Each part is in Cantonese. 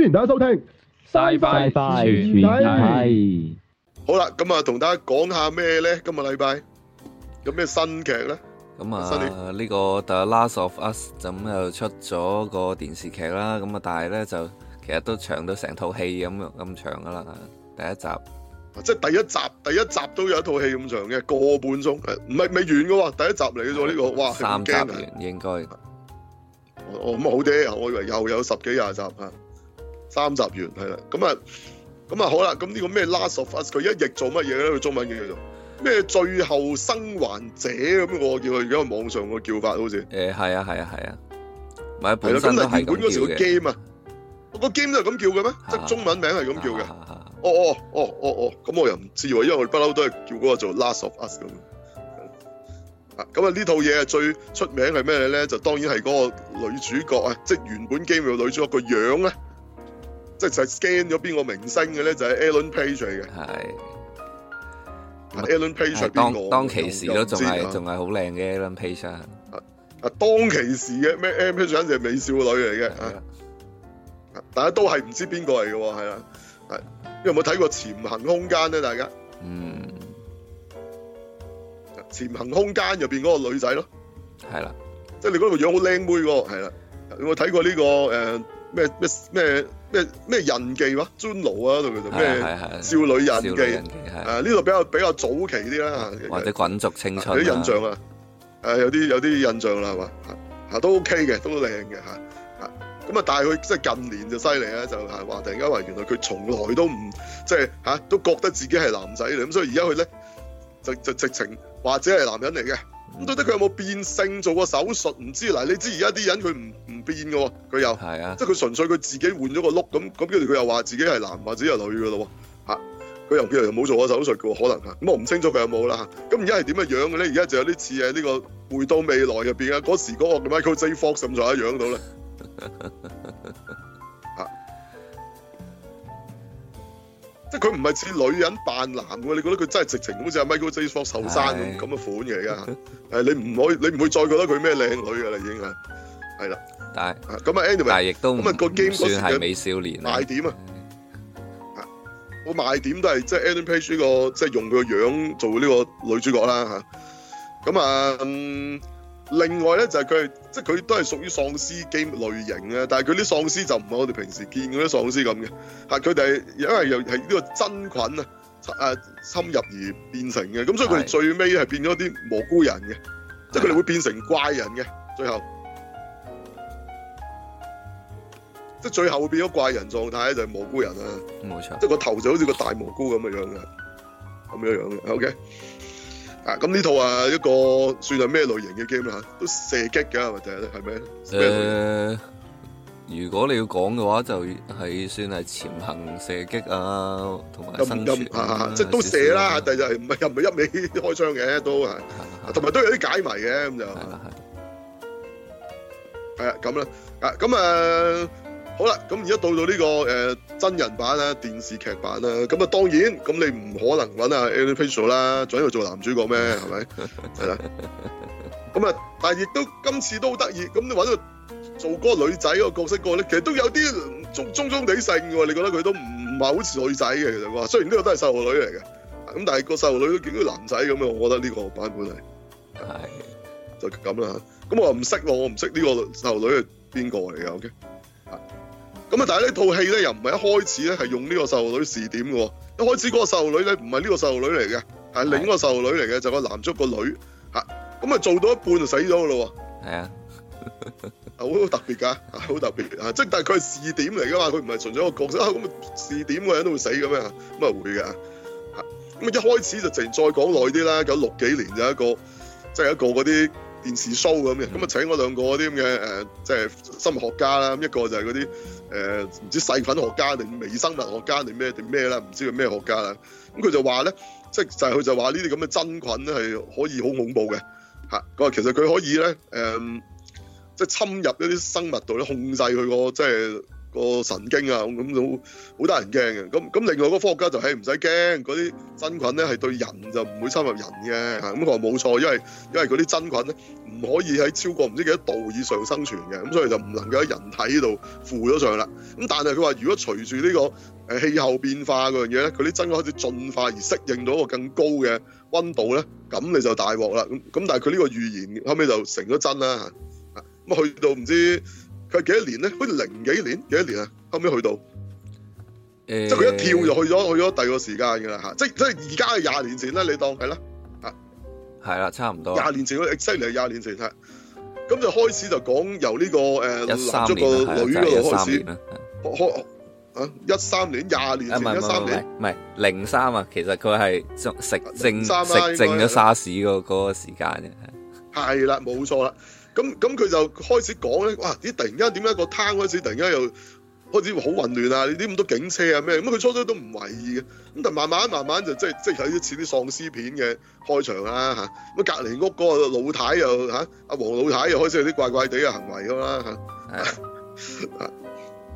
歡迎大家收聽，拜拜拜拜，好啦，咁啊，同大家講下咩咧？今日禮拜有咩新劇咧？咁啊，呢個《The Last of Us》咁又出咗個電視劇啦。咁啊，但係咧就其實都長到成套戲咁咁長噶啦。第一集，即係第一集，第一集都有一套戲咁長嘅，個半鐘。唔係唔係完噶喎，第一集嚟嘅咗呢個。哇，三集完應該。我冇啲，我以為又有十幾廿集啊。三集完係啦，咁啊，咁啊好啦，咁呢個咩《Last of Us》佢一譯做乜嘢咧？佢中文叫叫做咩，《最後生還者》，咁我叫佢而家網上個叫法好似。誒係啊係啊係啊，買一部新嘅。咁原本嗰時個 game 啊，個 game 都係咁叫嘅咩？即係中文名係咁叫嘅。哦哦哦哦哦，咁我又唔知喎，因為我哋不嬲都係叫嗰個做《Last of Us》咁。 啊，咁啊呢套嘢最出名係咩咧？就當然係嗰個女主角啊，即係原本 game 個女主角個樣咧。即係 scan 咗邊個明星嘅咧？就係、是、Ellen Page 嚟嘅的。a 阿 Ellen Page 係邊個？當其時都仲係仲係好靚嘅 Ellen Page 啊啊。啊，當其時嘅咩 Ellen Page 簡直係美少女嚟嘅的、啊。大家都係唔知邊個嚟嘅喎。係啦，你有冇睇過《潛行空間》咧？大家。嗯。《潛行空間》入邊嗰個女仔咯。係啦的。即係你嗰度樣好靚妹喎。係啦。有冇睇過呢、這個誒咩咩咩？呃咩咩人記喎，尊奴啊，同佢做咩少女印記？人記啊呢度比較比較早期啲啦，啊、或者滾軸青春、啊啊，有啲印象啊？誒有啲有啲印象啦，係嘛？嚇、啊、都 OK 嘅，都靚嘅嚇。咁啊，啊，但係佢即係近年就犀利啊，就係話突然間話原來佢從來都唔即係嚇都覺得自己係男仔嚟，咁所以而家佢咧就就直情或者係男人嚟嘅。咁到底佢有冇變性做過手術唔知？嗱，你知而家啲人佢唔唔變嘅喎，佢又，啊、即係佢純粹佢自己換咗個轆咁，咁跟住佢又話自己係男或者係女嘅咯喎，佢、啊、又跟住又冇做過手術嘅喎，可能嚇。咁、啊、我唔清楚佢有冇啦嚇。咁而家係點樣樣嘅咧？而家就有啲似係呢個回到未來入邊啊！嗰時嗰個 Michael J Fox 就一樣到啦。 即係佢唔係似女人扮男嘅，你覺得佢真係直情好似阿 Michael J Fox 後生咁咁嘅款嘢而家，你唔可以，你唔會再覺得佢咩靚女嘅啦已經係，係啦但、嗯，但係咁啊，Anyway 咪咁啊，個 game 美少年賣點啊，我賣點都係即係 Ellen Page 呢個即係用佢個樣做呢個女主角啦嚇，咁啊、嗯。另外咧就係佢係即係佢都係屬於喪屍 game 類型嘅，但係佢啲喪屍就唔係我哋平時見嗰啲喪屍咁嘅，嚇佢哋因為由係呢個真菌啊，誒侵入而變成嘅，咁所以佢哋最尾係變咗啲蘑菇人嘅，的即係佢哋會變成怪人嘅，最後即係最後會變咗怪人狀態就係蘑菇人啊，冇錯，即係個頭就好似個大蘑菇咁嘅樣嘅，咁嘅樣嘅，OK。啊，咁呢套啊一個算係咩類型嘅 game 啦都射擊嘅，或者係咩？誒，如果你要講嘅話，就係算係潛行射擊啊，同埋又唔又唔，即係都射啦，但係唔係又唔係一味開槍嘅都，同埋都有啲解謎嘅，咁就係啊，咁啦啊，咁、嗯、啊。好啦，咁而家到到呢、這個誒、呃、真人版啦、啊、電視劇版啦、啊，咁啊當然，咁你唔可能揾阿 Andrew Pinto 啦，仲喺度做男主角咩？係咪？係啦 ，咁啊，但係亦都今次都好得意，咁你揾佢做嗰個女仔個角色、那個咧，其實都有啲中，中中中哋性嘅喎，你覺得佢都唔唔係好似女仔嘅，其實話雖然呢個都係細路女嚟嘅，咁但係個細路女都見到男仔咁樣，我覺得呢個版本係係 就咁啦，咁我唔識我唔識呢個細路女係邊個嚟嘅？OK。咁啊！但係呢套戲咧，又唔係一開始咧係用呢個細路女視點嘅。一開始嗰個細路女咧，唔係呢個細路女嚟嘅，係另一個細路女嚟嘅，就是個男足個女嚇。咁啊，做到一半就死咗嘅咯喎。係啊，好特別㗎，好特別啊！即係，但係佢係視點嚟㗎嘛，佢唔係純粹一個角色咁啊，視點個人都會死嘅咩？咁啊，會㗎。咁啊，一開始就淨再講耐啲啦，有六幾年就是一個，即係一個嗰啲電視 show 咁嘅。咁啊，請咗兩個啲咁嘅誒，即係生物學家啦，一個就係嗰啲。誒唔知細菌學家定微生物學家定咩定咩啦，唔知佢咩學家啦。咁佢就話咧，即係就係佢就話呢啲咁嘅真菌咧係可以好恐怖嘅吓。佢話其實佢可以咧誒，即係侵入一啲生物度咧控制佢個即係個神經啊，咁好好得人驚嘅。咁咁另外一個科學家就係唔使驚，嗰啲真菌咧係對人就唔會侵入人嘅。咁佢話冇錯，因為因為嗰啲真菌咧唔可以喺超過唔知幾多度以上生存嘅，咁所以就唔能夠喺人體度附咗上啦。咁但係佢話，如果隨住呢個誒氣候變化嗰樣嘢咧，佢啲真菌開始進化而適應到一個更高嘅温度咧，咁你就大鑊啦。咁咁但係佢呢個預言後尾就成咗真啦。咁去到唔知。佢幾多年咧？好似零幾年，幾多年啊？後尾去到，欸、即係佢一跳就去咗，去咗第二個時間㗎啦嚇！即係即係而家廿年前啦，你當係啦，係啦，差唔多廿年前都犀利，廿年前睇，咁就開始就講由呢、呢個誒攔咗個女嗰度開始。一三、就係、年廿、啊啊、年、年前，一三、啊、年，唔係零三啊，其實佢係食正食、啊、正咗沙士嗰嗰個時間嘅。係啦，冇錯啦。咁咁佢就開始講咧，哇！咦，突然間點解個攤開始突然間又開始好混亂啊！你啲咁多警車啊咩咁，佢初初都唔為意嘅。咁但慢慢慢慢就即係即係有啲似啲喪屍片嘅開場啦嚇。咁隔離屋嗰個老太又嚇，阿黃老太又開始有啲怪怪地嘅行為啦嚇。啊！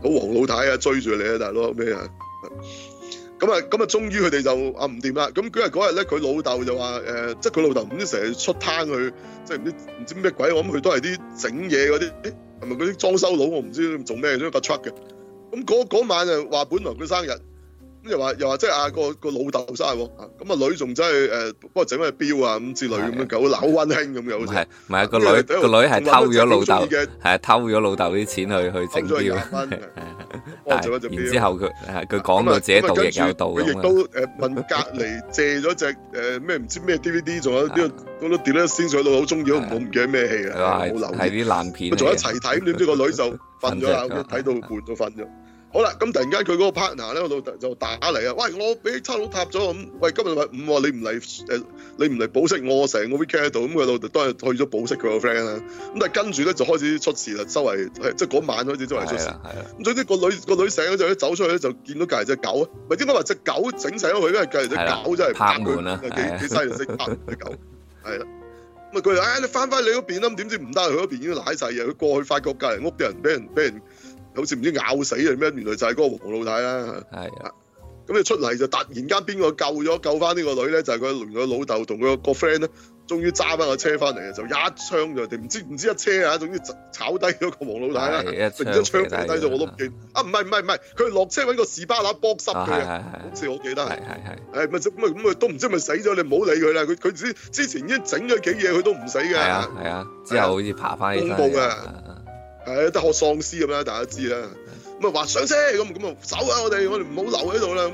好黃老太啊，追住你啊大佬咩啊！咁啊，咁啊，終於佢哋就啊唔掂啦。咁佢日嗰日咧，佢老豆就話誒，即係佢老豆唔知成日出攤去，即係唔知唔知咩鬼。我諗佢都係啲整嘢嗰啲，係咪嗰啲裝修佬？我唔知做咩都要出嘅。咁嗰晚就話，本來佢生日。咁又話又話，即係阿個個老豆生喎，咁啊女仲真係誒，幫我整咩表啊咁之類咁樣，搞好溫馨咁樣。好似係，唔係啊個女個女係偷咗老豆，係啊偷咗老豆啲錢去去整表。然之後佢係佢講到自己到亦有到咁啊。都誒問隔籬借咗隻誒咩唔知咩 DVD，仲有啲嗰度跌咗先上到好中意，都冇唔記得咩戲啊，冇留意。睇啲爛片，仲一齊睇，點知個女就瞓咗啦，睇到半度瞓咗。好啦，咁、嗯、突然間佢嗰個 partner 咧，個老豆就打嚟啊！喂，我俾差佬拍咗咁、嗯，喂，今日咪五啊！你唔嚟誒？你唔嚟保釋我，成個 weekend 喺度咁。佢老豆當日去咗保釋佢個 friend 啦。咁、嗯、但係跟住咧就開始出事啦，周圍即係嗰晚開始周圍出事。係咁總之個女個女醒咗之後咧，走出去咧就見到隔離隻狗啊！咪點解話隻狗整醒咗佢因為？隔離隻狗真係拍佢啊！幾幾犀利！拍隻狗係啦。咁啊佢話：唉、嗯哎，你翻翻你嗰邊啦！咁點知唔得？佢嗰邊已經拉晒嘢。佢過去發覺隔離屋啲人俾人俾人。好似唔知咬死定咩，原來就係嗰個黃老太啦。係啊，咁你出嚟就突然間邊個救咗救翻呢個女咧？就係佢連個老豆同佢個 friend 咧，終於揸翻個車翻嚟，就一槍就，佢哋。唔知唔知一車啊，總之炒低咗個黃老太啦，剩咗槍跌低咗我都唔記得。啊唔係唔係唔係，佢落車揾個士巴拿幫濕佢啊，好似、啊啊啊、我記得係係係。咁咪咁咪都唔知咪死咗你唔好理佢啦。佢佢之前已經整咗幾嘢，佢都唔死㗎。係啊係啊，啊，之後好似爬翻起身啊。係得學喪屍咁啦，大家知啦。咁啊話上車咁咁啊走啊我！我哋我哋唔好留喺度啦。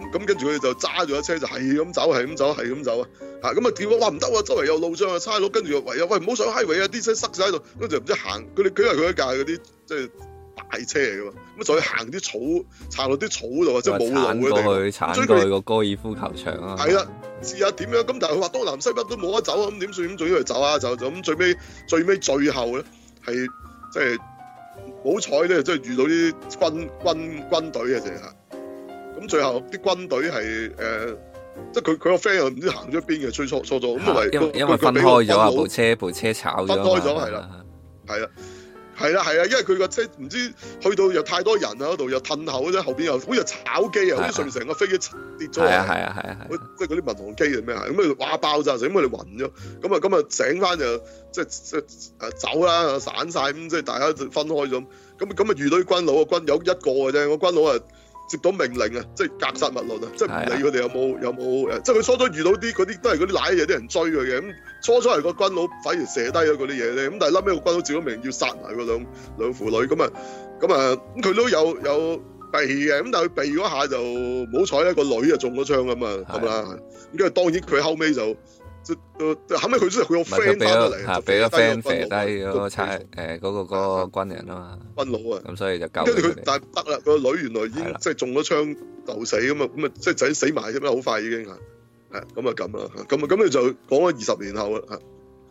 咁咁跟住佢哋就揸住架車就係咁走，係咁走，係咁走啊。嚇咁啊跳啊！哇唔得啊！周圍有路上啊，差佬跟住唯有。喂唔好上 highway，喂啊啲車塞晒喺度，跟住唔知行佢哋佢係佢一架嗰啲即係大車嚟㗎嘛。咁啊仲要行啲草行落啲草度啊，即係冇路嘅。鏟過去鏟過去個高爾夫球場啊！係啊，試下點樣咁？但係佢話東南西北都冇得走啊！咁點算？咁仲要嚟走啊？就就咁最尾最尾最後咧係。最後最後呢即係好彩咧，即係遇到啲軍軍軍隊嘅啫嚇。咁最後啲軍隊係誒，即係佢佢個 friend 又唔知行咗邊嘅，追錯錯咗咁啊，因為他因為分開咗啊部車，部車炒咗分開咗係啦，係啦。對了對係啦，係啊，啊，因為佢個車唔知去到又太多人啊，度又褪後嗰啲，後邊又好似炒機啊，好似順成個飛機跌咗啊，係啊，係啊，係啊，即係嗰啲民航機定咩、就是、啊？咁啊，哇爆炸，成，咁佢哋暈咗，咁啊，咁啊醒翻就即係即係走啦，散晒。咁，即係大家分開咗，咁咁啊遇到啲軍佬啊，軍友一個嘅啫，個軍佬啊。接到命令啊，即係格殺勿論啊，即係唔理佢哋有冇有冇誒的，即係佢初初遇到啲嗰啲都係嗰啲瀨嘢，啲人追佢嘅咁，初初係個軍佬反而射低咗嗰啲嘢咧，咁但係臨尾個軍佬接到命令要殺埋嗰兩兩父女，咁啊，咁啊，咁佢都有有避嘅，咁但係佢避嗰下就唔好彩咧，個女就中咗槍咁嘛。咁啦，咁因為當然佢後尾就。咁咪佢真係佢個 friend 翻嚟，俾個 friend 射低嗰個差誒個個軍人啊嘛，軍佬啊，咁所以就救翻嚟。但係得啦，個女原來已經即係中咗槍就死咁啊，咁啊即係已死埋咁啦，好快已經吓，啊，咁啊咁啊咁你就講咗二十年後啊，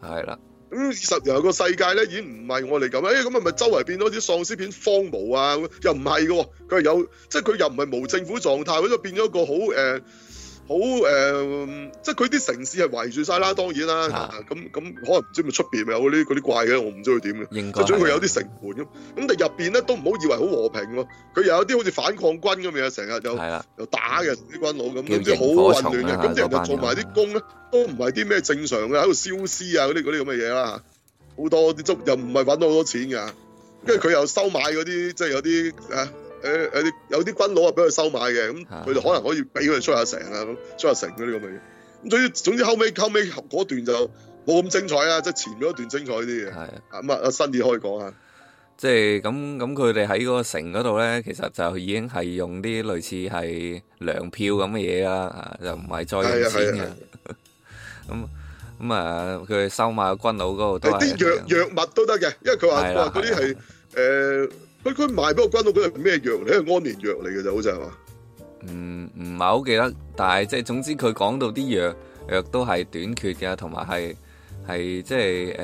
係啦。咁二十年後個世界咧已經唔係我哋咁啦，誒咁啊咪周圍變咗啲喪屍片荒蕪啊，又唔係噶，佢係有即係佢又唔係無政府狀態，佢就變咗一個好誒。呃好誒、呃，即係佢啲城市係圍住晒啦，當然啦。咁咁、啊、可能唔知咪出邊咪有啲嗰啲怪嘅，我唔知佢點嘅。即係主、啊、要佢有啲城門咁。咁但入邊咧都唔好以為好和平咯。佢又有啲好似反抗軍咁樣，成日就就打嘅啲軍佬咁，即係好混亂嘅。咁即係又做埋啲工咧，都唔係啲咩正常嘅，喺度燒屍啊嗰啲啲咁嘅嘢啦。好多啲執又唔係搵到好多錢嘅，跟住佢又收買嗰啲，即、就、係、是、有啲啊。誒誒，啲有啲軍佬啊，俾佢收買嘅，咁佢哋可能可以俾佢哋出下城啊，咁出下城嗰啲咁嘅嘢。咁總之總之，後尾後尾嗰段就冇咁精彩啦，即係前邊一段精彩啲嘅。係啊，咁啊，阿辛尼可以講下，即係咁咁，佢哋喺嗰個城嗰度咧，其實就已經係用啲類似係糧票咁嘅嘢啦，嚇，又唔係再用錢嘅。咁咁啊，佢哋收買軍佬嗰度都係啲藥藥物都得嘅，因為佢話話嗰啲係誒。佢佢賣俾我關到佢係咩藥咧？你係安眠藥嚟嘅咋，好似係嘛？嗯，唔係好記得，但係即係總之佢講到啲藥藥都係短缺嘅，同埋係係即係誒，佢、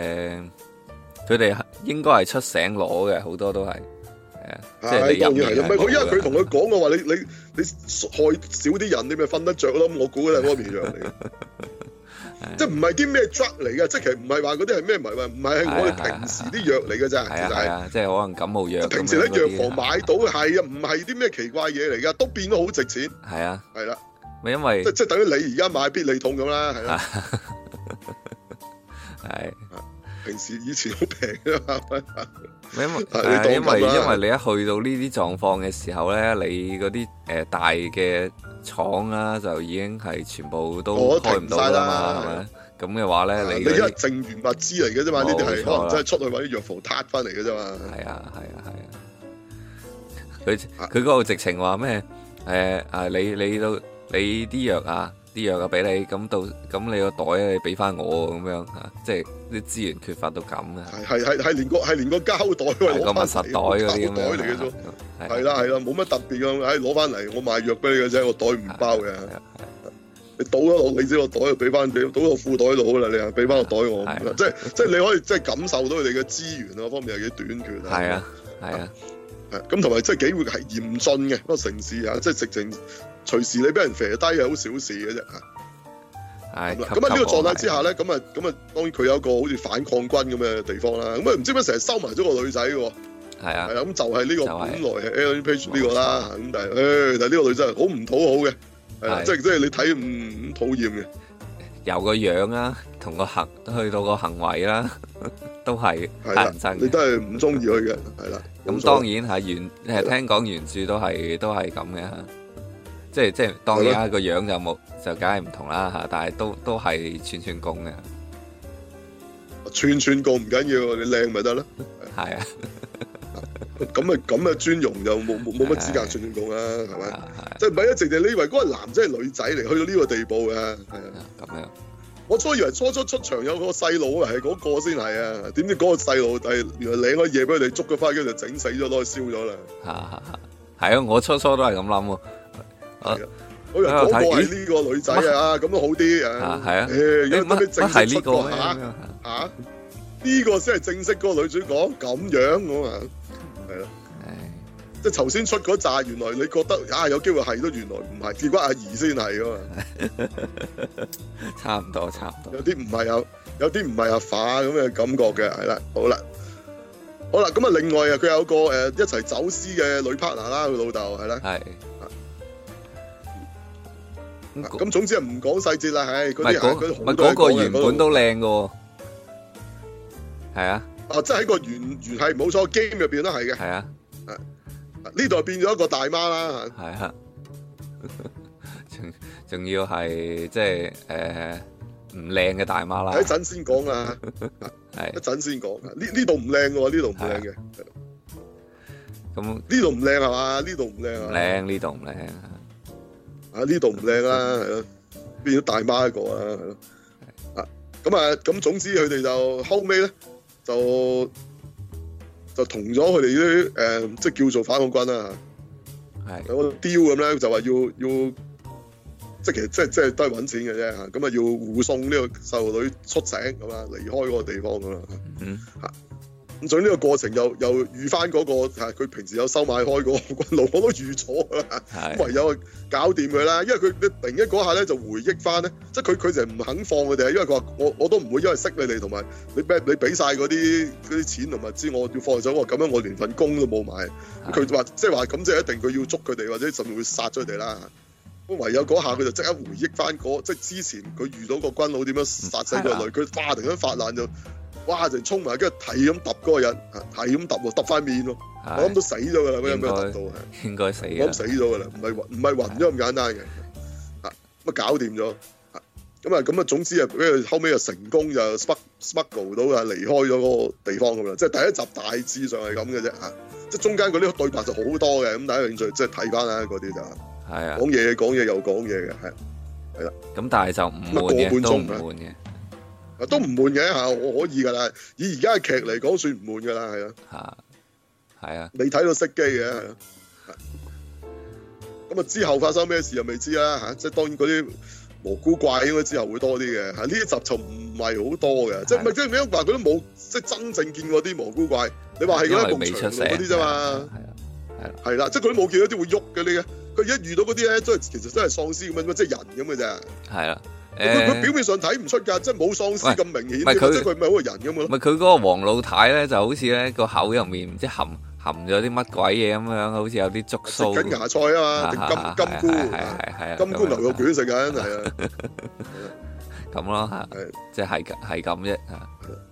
呃、哋應該係出醒攞嘅，好多都係，係啊的，即係你當然唔係佢因為佢同佢講嘅話， 你你你害少啲人，你咪瞓得着咯。我估係安眠藥嚟嘅。 即係唔係啲咩 drug 嚟噶？即係其實唔係話嗰啲係咩物，唔係係我哋平時啲藥嚟噶咋？係啊，即係可能感冒藥。即係平時喺藥房買到，係啊，唔係啲咩奇怪嘢嚟噶，都變咗好值錢。係啊，係啦，咪因為即係等於你而家買必利痛咁啦，係咯，係。平時以前好平噶嘛，因為因為因為你一去到呢啲狀況嘅時候咧，你嗰啲誒大嘅廠啊，就已經係全部都開唔到啦，係咪？咁嘅話咧，你而家剩餘物資嚟嘅啫嘛，吧呢啲係可能真係出去搵啲藥房撻翻嚟嘅啫嘛。係啊，係啊，係啊。佢佢嗰度直情話咩？誒你你都你啲藥啊？啲藥嘅俾你，咁到咁你個袋你俾翻我咁樣吓，即係啲資源缺乏到咁嘅，係係係連個係連個膠袋攞翻嚟，啊、袋嚟嘅啫，係係，啦係啦，冇乜、啊啊啊啊、特別咁，唉、哎，攞翻嚟我賣藥俾你嘅啫，我袋唔包嘅、啊啊啊，你倒咗落你知我袋就俾翻俾倒個褲袋佬啦，你又俾翻個袋我，即係即係你可以即係感受到佢哋嘅資源啊方面有幾短缺啊，係啊係啊，咁同埋即係機會係嚴峻嘅，個城市啊，即係直情。隨時你俾人射低係好小事嘅啫嚇。咁啦，咁啊呢個狀態之下咧，咁啊咁啊，當然佢有一個好似反抗軍咁嘅地方啦。咁啊唔知乜成日收埋咗個女仔嘅。係啊，係啦，咁就係呢個本來係 Ellen Page 呢個啦。咁但係，誒，但係呢個女仔係好唔討好嘅，即係即係你睇唔討厭嘅。由個樣啦，同個行去到個行為啦，都係係啦，你都係唔中意佢嘅。係啦，咁當然係原誒聽講原著都係都係咁嘅。即係即係，吧當然啦，個樣就冇就梗係唔同啦吓，但係都都係串串工嘅。串串工唔緊要，你靚咪得咯。係 啊，咁啊咁嘅尊容就冇，又冇冇乜資格串串工啦，係咪，啊？即係唔係一直你以為嗰個男仔係女仔嚟，去到呢個地步嘅？係啊，咁，啊，樣，啊。我初以為初初出場有個細路係嗰個先係啊，點知嗰個細路係原來擰開嘢，俾佢哋捉咗翻跟住就整死咗，攞去燒咗啦。係啊，我初初都係咁諗。啊！我又係呢個女仔、哎、啊，咁都好啲啊，係啊，有啲咩正式出過吓吓？呢個先係、啊這個、正式嗰個女主講咁樣噶嘛，係咯，哎、即係頭先出嗰扎，原來你覺得啊有機會係咯，都原來唔係，結果阿二先係噶嘛， 差唔多，差唔多，有啲唔係有，有啲唔係阿法咁嘅感覺嘅，係啦，好啦，好啦，咁啊，另外啊，佢有個誒、呃、一齊走私嘅女 partner 啦，佢老豆係啦，係。咁總之係唔講細節啦，係嗰啲嗰度。嗰個原本都靚噶，係啊。啊，即係喺個圓圓係冇錯，game 入邊都係嘅。係啊，呢度變咗一個大媽啦。係啊，仲仲要係即係誒唔靚嘅大媽啦。一陣先講啊，係一陣先講。呢呢度唔靚呢度唔靚嘅。咁呢度唔靚係嘛？呢度唔靚。靚呢度唔靚。啊！呢度唔靚啦，係咯，變咗大媽一個啦是的 啊，咯、啊，啊咁啊咁總之佢哋就後尾咧，就就同咗佢哋啲誒，即係叫做反共軍啦、啊，係是的 有個雕咁咧，就話要要，即係其實即係即係都係揾錢嘅啫嚇，咁啊，啊要護送呢個細路女出城咁啦、啊，離開嗰個地方咁啦，嗯、啊，嚇、mm。Hmm. 啊咁所以呢個過程又又預翻嗰個係佢、啊、平時有收買開嗰個軍佬， 我都預咗啦。唯有搞掂佢啦，因為佢你突然間嗰下咧就回憶翻咧，即係佢佢就係唔肯放佢哋，因為佢話我我都唔會因為識你哋同埋你俾你俾曬嗰啲啲錢同埋知我要放走。話咁樣，我連份工都冇埋。佢話即係話咁，即、就、係、是、一定佢要捉佢哋，或者甚至會殺咗佢哋啦。咁唯有嗰下佢就即刻回憶翻嗰即係之前佢遇到個軍佬點樣殺死個女，佢化的、啊、突然間發爛就。哇！就衝埋跟住係咁揼嗰個人，係咁揼喎，揼返面咯，我諗都死咗噶啦，應該揼到係，應該死啦，我諗死咗噶啦，唔係唔係暈咗咁簡單嘅，嚇乜搞掂咗，咁啊咁啊，總之啊，俾佢後尾啊成功就 s p a r g e 到啊離開咗個地方咁啦，即係第一集大致上係咁嘅啫嚇，即係中間嗰啲對白就好多嘅，咁大家興趣即係睇翻啊嗰啲就係啊講嘢講嘢又講嘢嘅，係係啦，咁但係就唔換嘅都唔嘅。都唔悶嘅嚇，我可以噶啦。以而家嘅劇嚟講算不的，算唔悶噶啦，係啊。嚇，係啊。你睇到熄機嘅。咁啊，之後發生咩事又未知啦嚇、啊。即係當然嗰啲蘑菇怪應該之後會多啲嘅。嚇、啊，呢一集就唔係好多嘅的。即係乜即係咩話？佢都冇即係真正見過啲蘑菇怪。的你話係咁啊？未出聲嗰啲啫嘛。係啊，係啦，即係佢都冇見到啲會喐嘅你嘅。佢一遇到嗰啲咧，即係其實真係喪屍咁樣即係人咁嘅啫。係啊。佢佢表面上睇唔出噶，即係冇喪屍咁明顯，即係佢咪好似人咁咯。咪佢嗰個黃老太咧，就好似咧個口入面，即係含含咗啲乜鬼嘢咁樣，好似有啲竹筍。食緊芽菜啊嘛，食金金菇，係啊係啊，金菇牛肉卷食緊係啊。咁咯吓，即係係咁啫吓。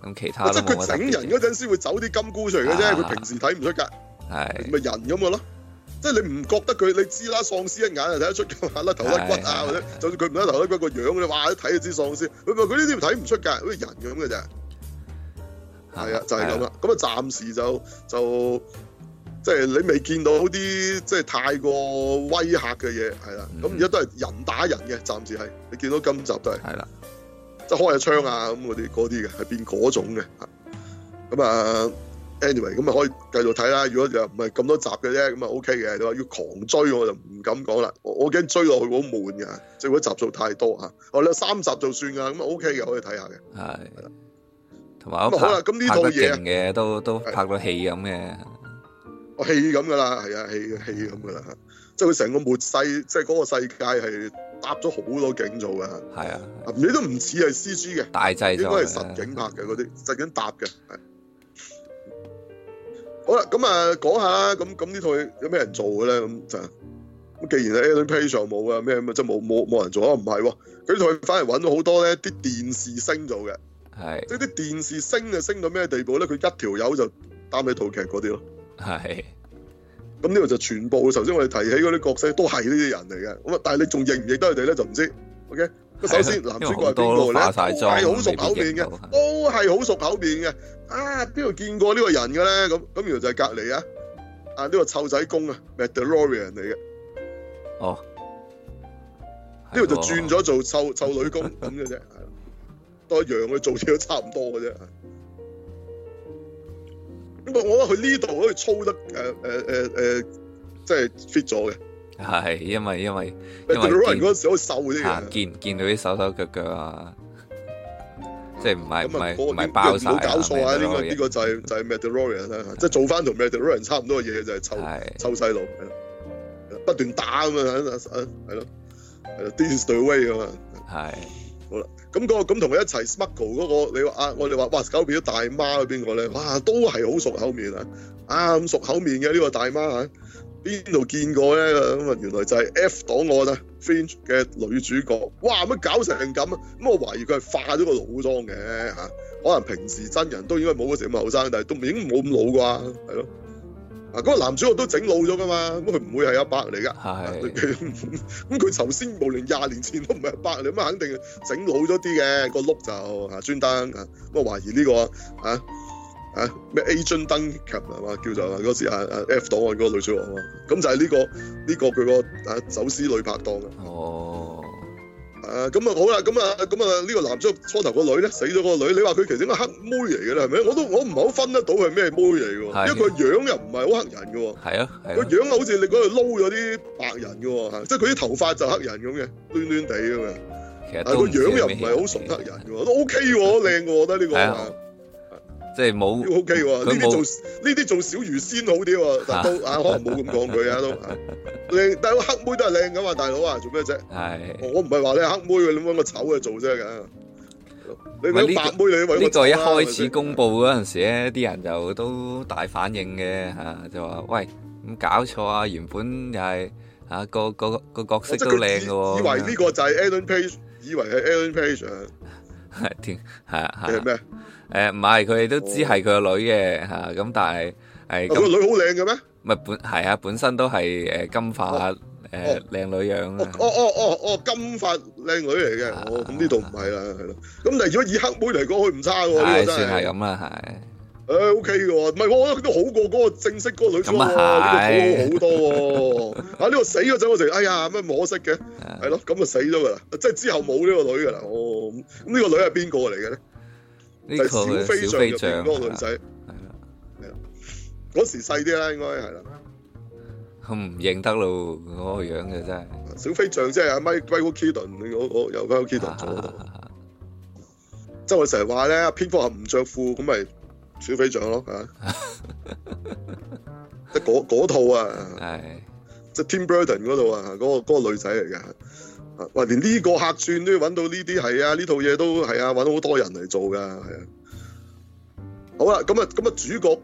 咁其他即係佢整人嗰陣先會走啲金菇出嚟嘅啫，佢平時睇唔出噶。係咪人咁嘅咯？即係你唔覺得佢，你知啦，喪屍一眼就睇得出嘅，甩頭甩骨啊，的或者就算佢唔甩頭甩骨，個的樣咧，哇一睇就知喪屍。佢話佢呢啲睇唔出㗎，好似人咁嘅啫。係啊，就係咁啦。咁啊的，的暫時就就即係、就是、你未見到啲即係太過威嚇嘅嘢係啦。咁而家都係人打人嘅，暫時係你見到今集都係。係啦的，即係開下槍啊咁嗰啲嗰啲嘅係變嗰種嘅。咁啊。Anyway，咁咪可以繼續睇啦。如果就唔係咁多集嘅啫，咁啊 OK 嘅。你話要狂追，我就唔敢講啦。我我驚追落去好悶嘅，即係如果集數太多啊。我哋三集就算噶，咁啊 OK 嘅，可以睇下嘅。係是。同埋的好啦，咁呢套嘢嘅都都拍到戲咁嘅，戲咁噶啦，係啊，戲戲咁噶啦。即係佢成個末世，即係嗰個世界係搭咗好多景做嘅。係啊的，你都唔似係 CG 嘅，大制應該係實景拍嘅嗰啲，實景搭嘅。好啦，咁啊，講下啦，咁咁呢套有咩人做嘅咧？咁就咁，既然咧 Auntie 上冇啊咩咁即係冇冇冇人做啊？唔係，佢呢套反而揾到好多咧，啲電視星做嘅，是即係啲電視星啊，升到咩地步咧？佢一條友就擔起套劇嗰啲咯。係是。咁呢度就全部，頭先我哋提起嗰啲角色都係呢啲人嚟嘅。咁啊，但係你仲認唔認得佢哋咧？就唔知道。OK。首先，男主角係邊個咧？係好看熟口面嘅，都係好熟口面嘅。的啊，邊度見過呢個人嘅咧？咁咁原來就係隔離啊！啊，呢、呢個臭仔公啊 Mandalorian 嚟嘅。哦、oh，呢度的就轉咗做臭臭女工咁嘅啫， 多一樣佢做嘢都差唔多嘅啫。咁我覺得佢呢度可以操得誒誒誒誒，即係 fit 咗嘅。係，因為因為因為見吓見見，見，見到啲手手腳腳啊，即係唔係唔係唔係搞錯啊？呢、這個呢個就係就係 Mandalorian 啦，即係做翻同 Mandalorian 差唔多嘅嘢，就係、是嗯、抽的抽細路，的不斷打咁啊，係咯，係啦 This is the way 係好啦，咁、那、嗰個咁同佢一齊 smuggle 嗰、那個，你話啊，我哋話哇搞變咗大媽邊個咧？哇，都係好熟口面啊，啊咁熟口面嘅呢、這個大媽吓。邊度見過咧？咁啊，原來就係 F 檔案啊，Fringe 嘅女主角。哇，乜搞成咁啊？咁我懷疑佢係化咗個老妝嘅嚇。可能平時真人都應該冇嗰時咁後生，但係都唔應該冇咁老啩，係咯。嗱，嗰個男主角都整老咗噶嘛。咁佢唔會係阿伯嚟㗎。係是。咁佢頭先無論廿年前都唔係阿伯嚟，咁肯定整老咗啲嘅個碌就嚇專登。咁啊，我懷疑呢個嚇。咩、啊、？Agent 登劇係嘛？叫做係嗰時類似是是、這個這個、的啊啊 F 檔案嗰個女主角啊嘛，咁就係呢個呢個佢個啊走私女拍檔、哦、啊。哦。誒咁啊好啦，咁啊咁啊呢個男主初頭個女咧死咗個女，你話佢其實應該黑妹嚟嘅啦，係咪？我都我唔係好分得到係咩妹嚟㗎，係啊、因為佢樣又唔係好黑人嘅喎。係啊。個、啊、樣好似你嗰度撈咗啲白人嘅喎、啊，即係佢啲頭髮就黑人咁嘅，端端地㗎嘛。其實但係個樣又唔係好純黑人嘅喎，的都 OK 喎，靚喎 我覺得呢個。即係冇，O K 喎。呢啲做呢啲做小魚仙好啲喎，但都啊可能冇咁講佢啊都。靚，但係黑妹都係靚噶嘛，大佬啊，做咩啫？係我唔係話你黑妹，你搵個醜嘅做啫噶。你搵個白妹，你搵個醜嘅做啫噶。呢個一開始公布嗰陣時咧，啲人就都大反應嘅吓，就話喂咁搞錯啊！原本又係吓個個個角色都靚嘅喎，以為呢個就係 Ellen Page，以為係 Ellen Page，係天係係。你係咩？誒，唔係，佢哋都知係佢個女嘅吓，咁但係係咁個女好靚嘅咩？唔係本係啊，本身都係誒金髮誒靚女樣。哦哦哦哦，金髮靚女嚟嘅，哦咁呢度唔係啦，係咯。咁但係如果以黑妹嚟講，佢唔差喎。算係咁啦，係。誒，OK 嘅喎，唔係我覺得佢都好過嗰個正式嗰個女咁啊，好好多喎。啊呢個死咗真我成，哎呀咩唔可惜嘅，係咯，咁就死咗噶啦，即係之後冇呢個女噶啦，哦咁呢個女係邊個嚟嘅咧？小飛象嗰個女仔，係啦，係啦，嗰時細啲啦，應該係啦。我唔認得咯，嗰個樣嘅真係。小飛象即係阿 Michael Keaton 我我有 Keaton 喺嗰度。即係我成日話咧，蝙蝠俠唔着褲，咁咪小飛象咯，嚇。 即係嗰套啊，即係的 Tim Burton 嗰度啊，嗰、嗰個嗰個女仔啊。哇！連呢個客串都要揾到呢啲係啊，呢套嘢都係啊，揾到好多人嚟做噶，係啊。好啦，咁啊，咁啊，主角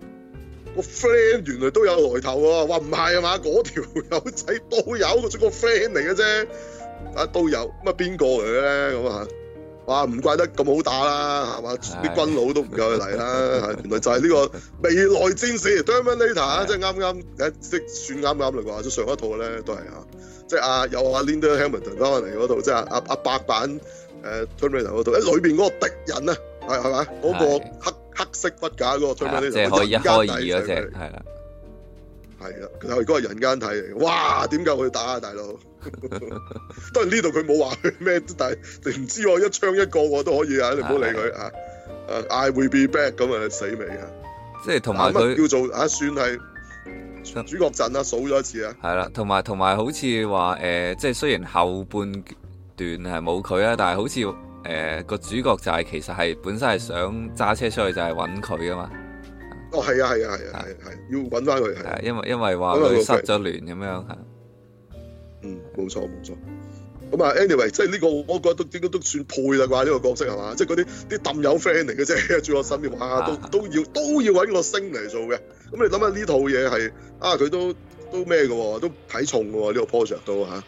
個 friend 原來都有來頭啊。哇！唔係啊嘛，嗰條友仔都有，佢只個 friend 嚟嘅啫。啊，刀友咁啊，邊個嚟嘅咧？咁啊，哇！唔怪得咁好打啦，係嘛？啲軍佬都唔夠佢嚟啦。原來就係呢個未來戰士《Terminator》啊，即係啱啱誒，即算啱啱嚟啩，即上一套嘅咧都係啊。即係、啊、阿有阿、啊、Linda Hamilton 翻翻嚟嗰度，即係阿阿白板 Terminator 嗰度，誒裏邊嗰個敵人啊，係係嗰個黑的黑色不假嗰個 Terminator 人係啦，係啦、那個，佢係嗰個人間體嚟。哇！點解佢打啊，大佬？當然呢度佢冇話佢咩，但係你唔知喎、啊，一槍一個我都可以啊！你唔好理佢啊的、uh,！I will be back 咁啊死未啊！即係同埋叫做啊，算係。主角陣啦，數咗一次啊。係啦，同埋同埋，好似話誒，即、呃、係雖然後半段係冇佢啊，但係好似誒個主角就係、是、其實係本身係想揸車出去就係揾佢噶嘛。哦，係啊，係啊，係啊，係要揾翻佢。係因為因為話佢失咗聯咁樣嚇。嗯，冇錯冇錯。咁啊，anyway，即係呢個我覺得都應該都算配啦啩，呢、這個角色係嘛？即係嗰啲啲揼友 friend 嚟嘅啫，最我身邊、啊、都都要都要揾個星嚟做嘅。咁、嗯、你諗下呢套嘢係啊佢都都咩嘅，都睇重嘅呢、這個 project 都吓，好、啊、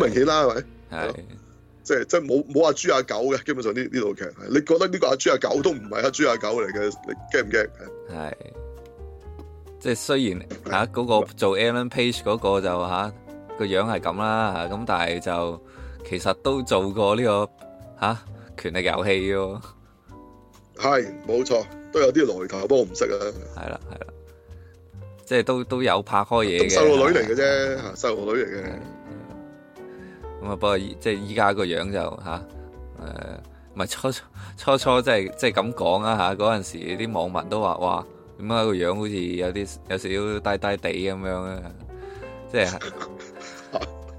明顯啦係咪？係即係即係冇冇阿豬阿狗嘅，基本上呢呢套劇，你覺得呢個阿豬阿狗都唔係阿豬阿狗嚟嘅？你驚唔驚？係即係雖然吓嗰的、啊那個做 Alan Page 嗰個就吓個、啊、樣係咁啦吓，咁、啊、但係就其實都做過呢、這個吓、啊、權力遊戲咯，係冇錯，都有啲來頭，我不過唔識啊，係啦係啦。即係都都有拍開嘢嘅，細路女嚟嘅啫，吓細路女嚟嘅。咁啊，不過即係依家個樣就吓，誒，唔係初初初初，即係即係咁講啊。吓。嗰陣時啲網民都話哇，點解個樣好似有啲有少少呆呆地咁樣啊？即係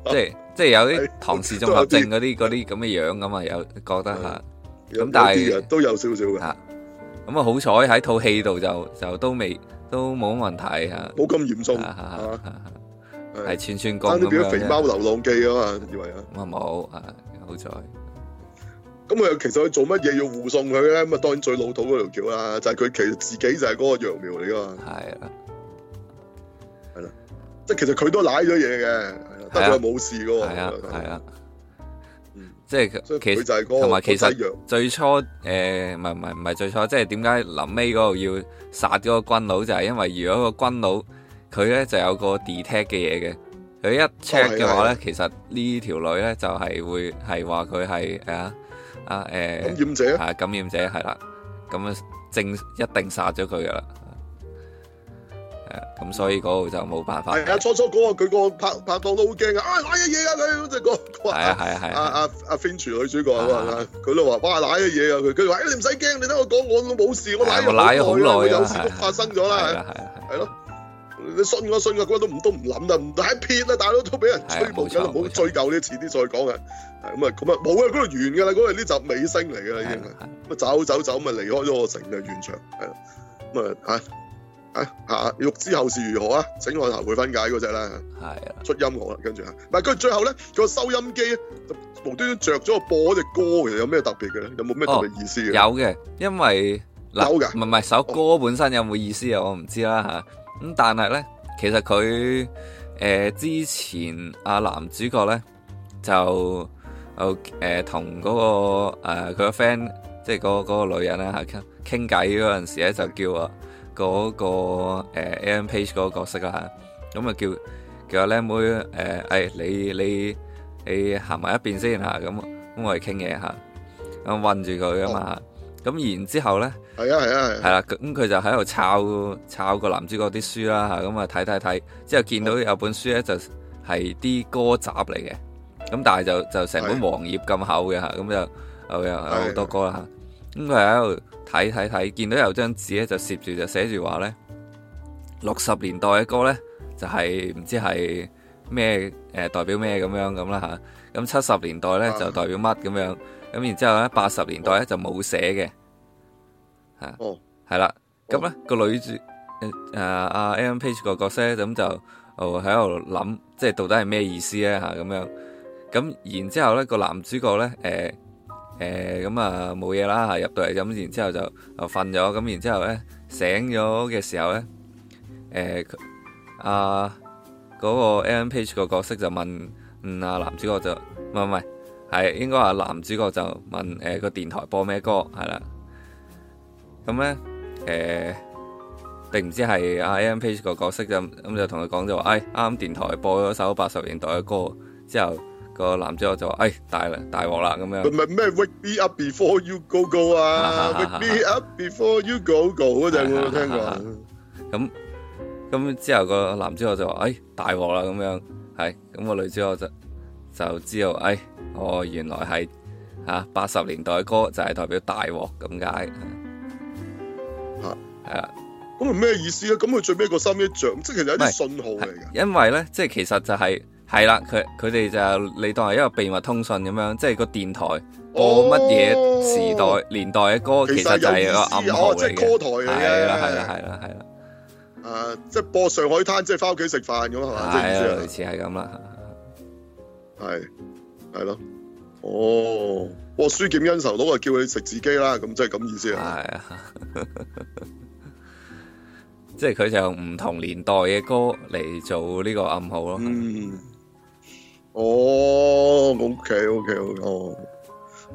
即係即係有啲唐氏綜合症嗰啲嗰啲咁嘅樣咁啊？有覺得吓？咁但係都有少少吓。咁啊，好彩喺套戲度就就都未。都冇問題，冇咁嚴重，係串串割咁。啱啲變咗肥貓流浪記啊嘛，以為啊，咁啊冇啊，好在。咁啊，其實佢做乜嘢要護送佢咧？咁啊，當然最老土嗰條橋啦，就係、是、佢其實自己就係嗰個藥苗嚟噶嘛。係啦，係啦，即係其實佢都舐咗嘢嘅，得佢係冇事噶。係啊，係啊。即係，其實同埋、那個、其實最初，誒，唔係唔係唔係最初，即係點解臨尾嗰度要殺咗個軍佬？就係、是、因為如果個軍佬佢咧就有個 detect 嘅嘢嘅，佢一 check 嘅話咧，啊、其實條呢條女咧就係、是、會係話佢係啊啊感染者啊，感染者係啦，咁啊正一定殺咗佢噶啦。咁所以嗰度就冇辦法。係啊，初初嗰個佢個拍拍檔都好驚啊，啊瀨嘢啊，佢就講，係啊係啊係啊，阿阿阿 Finch 女主角啊嘛，佢都話哇瀨嘢啊，佢佢話你唔使驚，你聽我講，我都冇事，我瀨咗好耐啦，有事都發生咗啦，係咯，你信我信我，嗰個都唔都唔諗啦，唔係撇啦，大佬都俾人吹爆咗，唔好追究呢，遲啲再講啊，咁啊咁啊冇啊，嗰度完噶啦，嗰度啲就尾聲嚟噶啦已經，咪走走走咪離開咗個城啊，完場係，咁啊吓。吓，欲知、啊啊、後事如何啊？請我頭會分解嗰隻啦。係啊的，出音樂啦，跟住啊，唔係跟住最後咧，個收音機就無端端着咗，播嗰隻歌，其實有咩特別嘅咧？有冇咩特別的意思嘅、哦？有嘅，因為有嘅的，唔係唔係首歌本身有冇意思、哦、不啊？我唔知啦吓。咁但係咧，其實佢誒、呃、之前阿男主角咧就誒同嗰個誒佢、呃那個 friend，即係嗰嗰個女人咧，傾傾偈嗰陣時咧就叫我。嗰、那個 Am Page 嗰個角色啦，咁啊叫叫阿靚妹誒、呃哎，你你你行埋一邊先嚇，咁咁我哋傾嘢嚇，咁韞住佢啊嘛，咁、哦、然之後咧，係啊係啊係，係啦，咁佢就喺度抄抄個男主角啲書啦嚇，咁啊睇睇睇，之後見到有本書咧就係啲歌集嚟嘅，咁但係就就成本黃頁咁厚嘅嚇，咁、哎、就又有好多歌啦、哎哎啊咁佢喺度睇睇睇，嗯、見到有張紙咧就攝住就寫住話咧，六十年代嘅歌咧就係、是、唔知係咩、呃、代表咩咁樣咁啦吓，咁七十年代咧、啊、就代表乜咁樣？咁、啊、然之後咧八十年代咧就冇寫嘅吓，哦，係啦。咁咧個女主誒阿 Am Page 個角色咁就喺度諗，即係到底係咩意思咧吓，咁、啊、樣？咁、啊、然之後咧個男主角咧誒咁啊冇嘢啦，入到嚟，咁然之後就啊瞓咗，咁然之後咧醒咗嘅時候咧，誒、嗯、啊嗰、嗰個 Ellen Page 個角色就問，嗯啊男主角就唔唔係，係應該話男主角就問誒個、呃、電台播咩歌係啦，咁咧誒定唔知係 Ellen Page 個角色就咁、嗯、就同佢講就話，誒、哎、啱啱電台播咗首八十年代嘅歌之後。個男主角就話，哎，大啦，大鑊啦，咁樣。唔係咩 Wake Me Up Before You Go Go 啊，啊，Wake Me Up Before You Go Go 嗰陣我冇聽過。咁咁、啊啊啊、之後個男主角就話，哎，大鑊啦，咁樣。係，咁個女主角就就知道，哎，哦，原來係吓八十年代嘅歌，就係代表大鑊咁解。吓係啊，咁係咩意思啊？咁佢最尾個心一漲，是即係其實一啲信號嚟嘅。因為咧，即係其實就係、是。係啦，佢佢哋就你當係一個秘密通訊咁樣，即係個電台播乜嘢時代、哦、年代嘅歌，其實，其實就係個暗號嚟、哦。即係 call 台嚟嘅，係啦係啦係啦。誒、啊，即係播《上海灘》即，即係翻屋企食飯咁啊嘛，即係類似係咁啦。係係咯，哦，哦書我書劍恩仇錄啊，叫佢食自己啦，咁即係咁意思啊。對了 即係佢就用唔同年代嘅歌嚟做呢個暗號咯。嗯哦、oh，OK，OK，OK，okay, okay, okay. oh.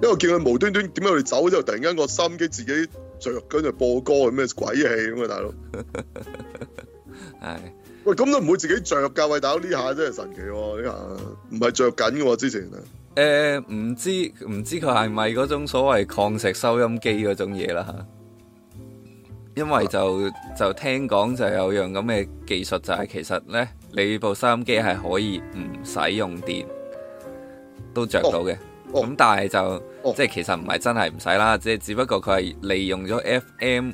因為見佢無端端點解我走之後，突然間個心機自己着，跟住播歌咩鬼戲咁啊，大佬。係 。喂，咁都唔會自己着噶喂，大佬呢下真係神奇喎，呢下唔係着緊嘅喎，之前著著。誒、呃，唔知唔知佢係咪嗰種所謂礦石收音機嗰種嘢啦吓？因為就的就聽講就有樣咁嘅技術，就係、是、其實咧。.你部收音機係可以唔使用，用電都着到嘅，咁、哦哦、但係就即係、哦、其實唔係真係唔使啦，即係、哦、只不過佢係利用咗 FM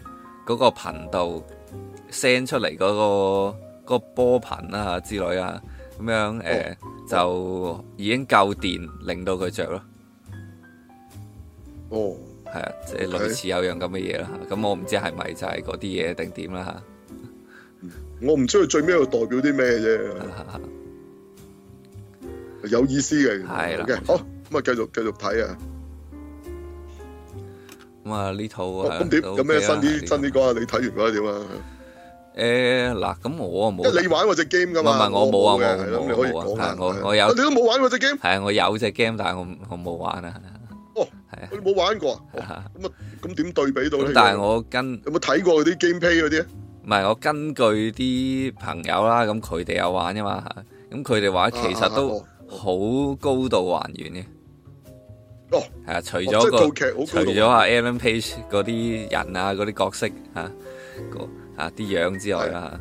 嗰個頻道 send 出嚟嗰、嗰個嗰、嗰個、波頻啊之類啊，咁樣誒就已經夠電令到佢着咯。哦，係啊，即係類似有樣咁嘅嘢啦，咁、嗯、我唔知係咪就係嗰啲嘢定點啦嚇。我唔知佢最尾佢代表啲咩啫，有意思嘅。係嘅，好咁啊，繼續繼續睇啊。咁啊呢套啊，咁點有咩新啲新啲歌啊？你睇完覺得點啊？誒嗱，咁我啊冇。即係你玩嗰隻 game 噶嘛？唔係我冇啊，我冇冇。咁你可以講啊。我我有。你都冇玩嗰隻 game？係啊，我有隻 game，但係我我冇玩啊。哦，係啊。你冇玩過。咁啊咁點對比到咧？但係我跟有冇睇過嗰啲 gameplay 嗰啲啊？唔係我根據啲朋友啦，咁佢哋有玩吖嘛，吓，咁佢哋話其實都好高度還原嘅。哦，係啊，除咗個，除咗阿 Alan Page 嗰啲人啊，嗰啲角色啊，個吓啲樣之外啦，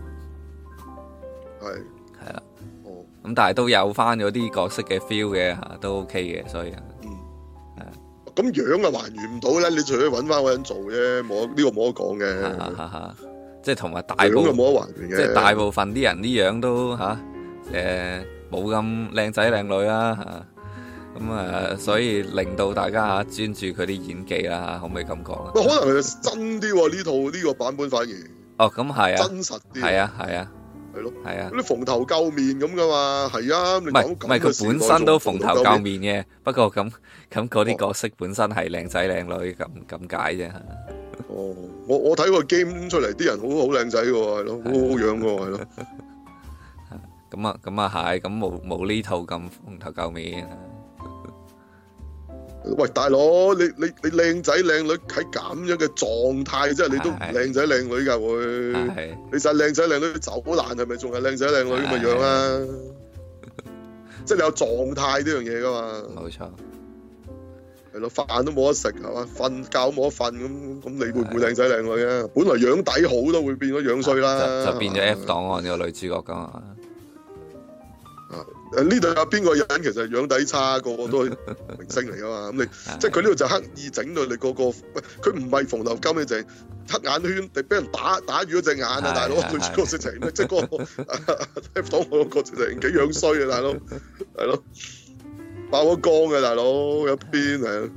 係係啦，的哦，咁但係都有翻嗰啲角色嘅 feel 嘅，吓、啊，都 OK 嘅，所以啊，嗯，係啊的，咁樣啊還原唔到咧，你除咗揾翻嗰人做啫，冇呢、這個冇得講嘅。的的即係同埋大部分，即係大部分啲人呢樣都嚇誒冇咁靚仔靚女啦嚇，咁啊所以令到大家嚇專注佢啲演技啦嚇，可唔可以咁講啊？唔係可能係真啲喎，呢套呢個版本反而哦，咁係啊，真實啲係啊係啊，係咯係啊，啲蓬頭垢面咁噶嘛係啊，唔係唔係佢本身都蓬頭垢面嘅，不過咁咁嗰啲角色本身係靚仔靚女咁咁解啫。哦。我我睇個 game 出嚟，啲人好好靚仔喎，係咯，好好樣喎，係咯的。咁、 嗯、啊，咁啊係，咁冇冇呢套咁風頭夠面啊！喂，大佬，你你你靚仔靚女喺咁樣嘅狀態，即係你都靚仔靚女噶會。其實靚仔靚女走難係咪仲係靚仔靚女咁嘅樣啊？的即係你有狀態呢樣嘢噶嘛？冇錯。係咯，飯都冇得食，係嘛？瞓覺冇得瞓，咁咁，你會唔會靚仔靚女啊？的本來樣底好都會變咗樣衰啦，就變咗 F 檔案呢個女主角咁啊！啊，呢度有邊個人其實樣底差，個個都係明星嚟噶嘛？咁的你即係佢呢度就刻意整到你個、個個，佢唔係逢頭金嘅，就係、是、黑眼圈，你俾人打打淤咗隻眼啊！大佬，女主角色情咩？即係的的、那個 F 檔案個直情就幾樣衰啊！大佬，係咯。爆咗缸嘅大佬一邊係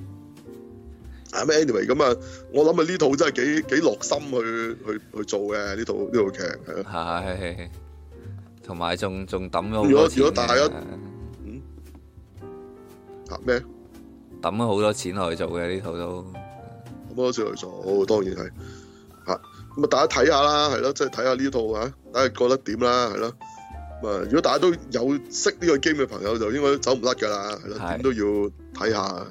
啊咩？Anyway 咁啊，我諗啊呢套真係幾幾落心去去去做嘅呢套呢套劇係咯，係同埋仲仲抌咗如果如果大家嗯咩抌咗好多錢落去做嘅呢套都咁多錢去做，當然係吓咁啊！大家睇下啦，係咯，即係睇下呢套吓大家覺得點啦，係咯。如果大家都有識呢個 game 嘅朋友，就應該走唔甩噶啦，點是都要睇下。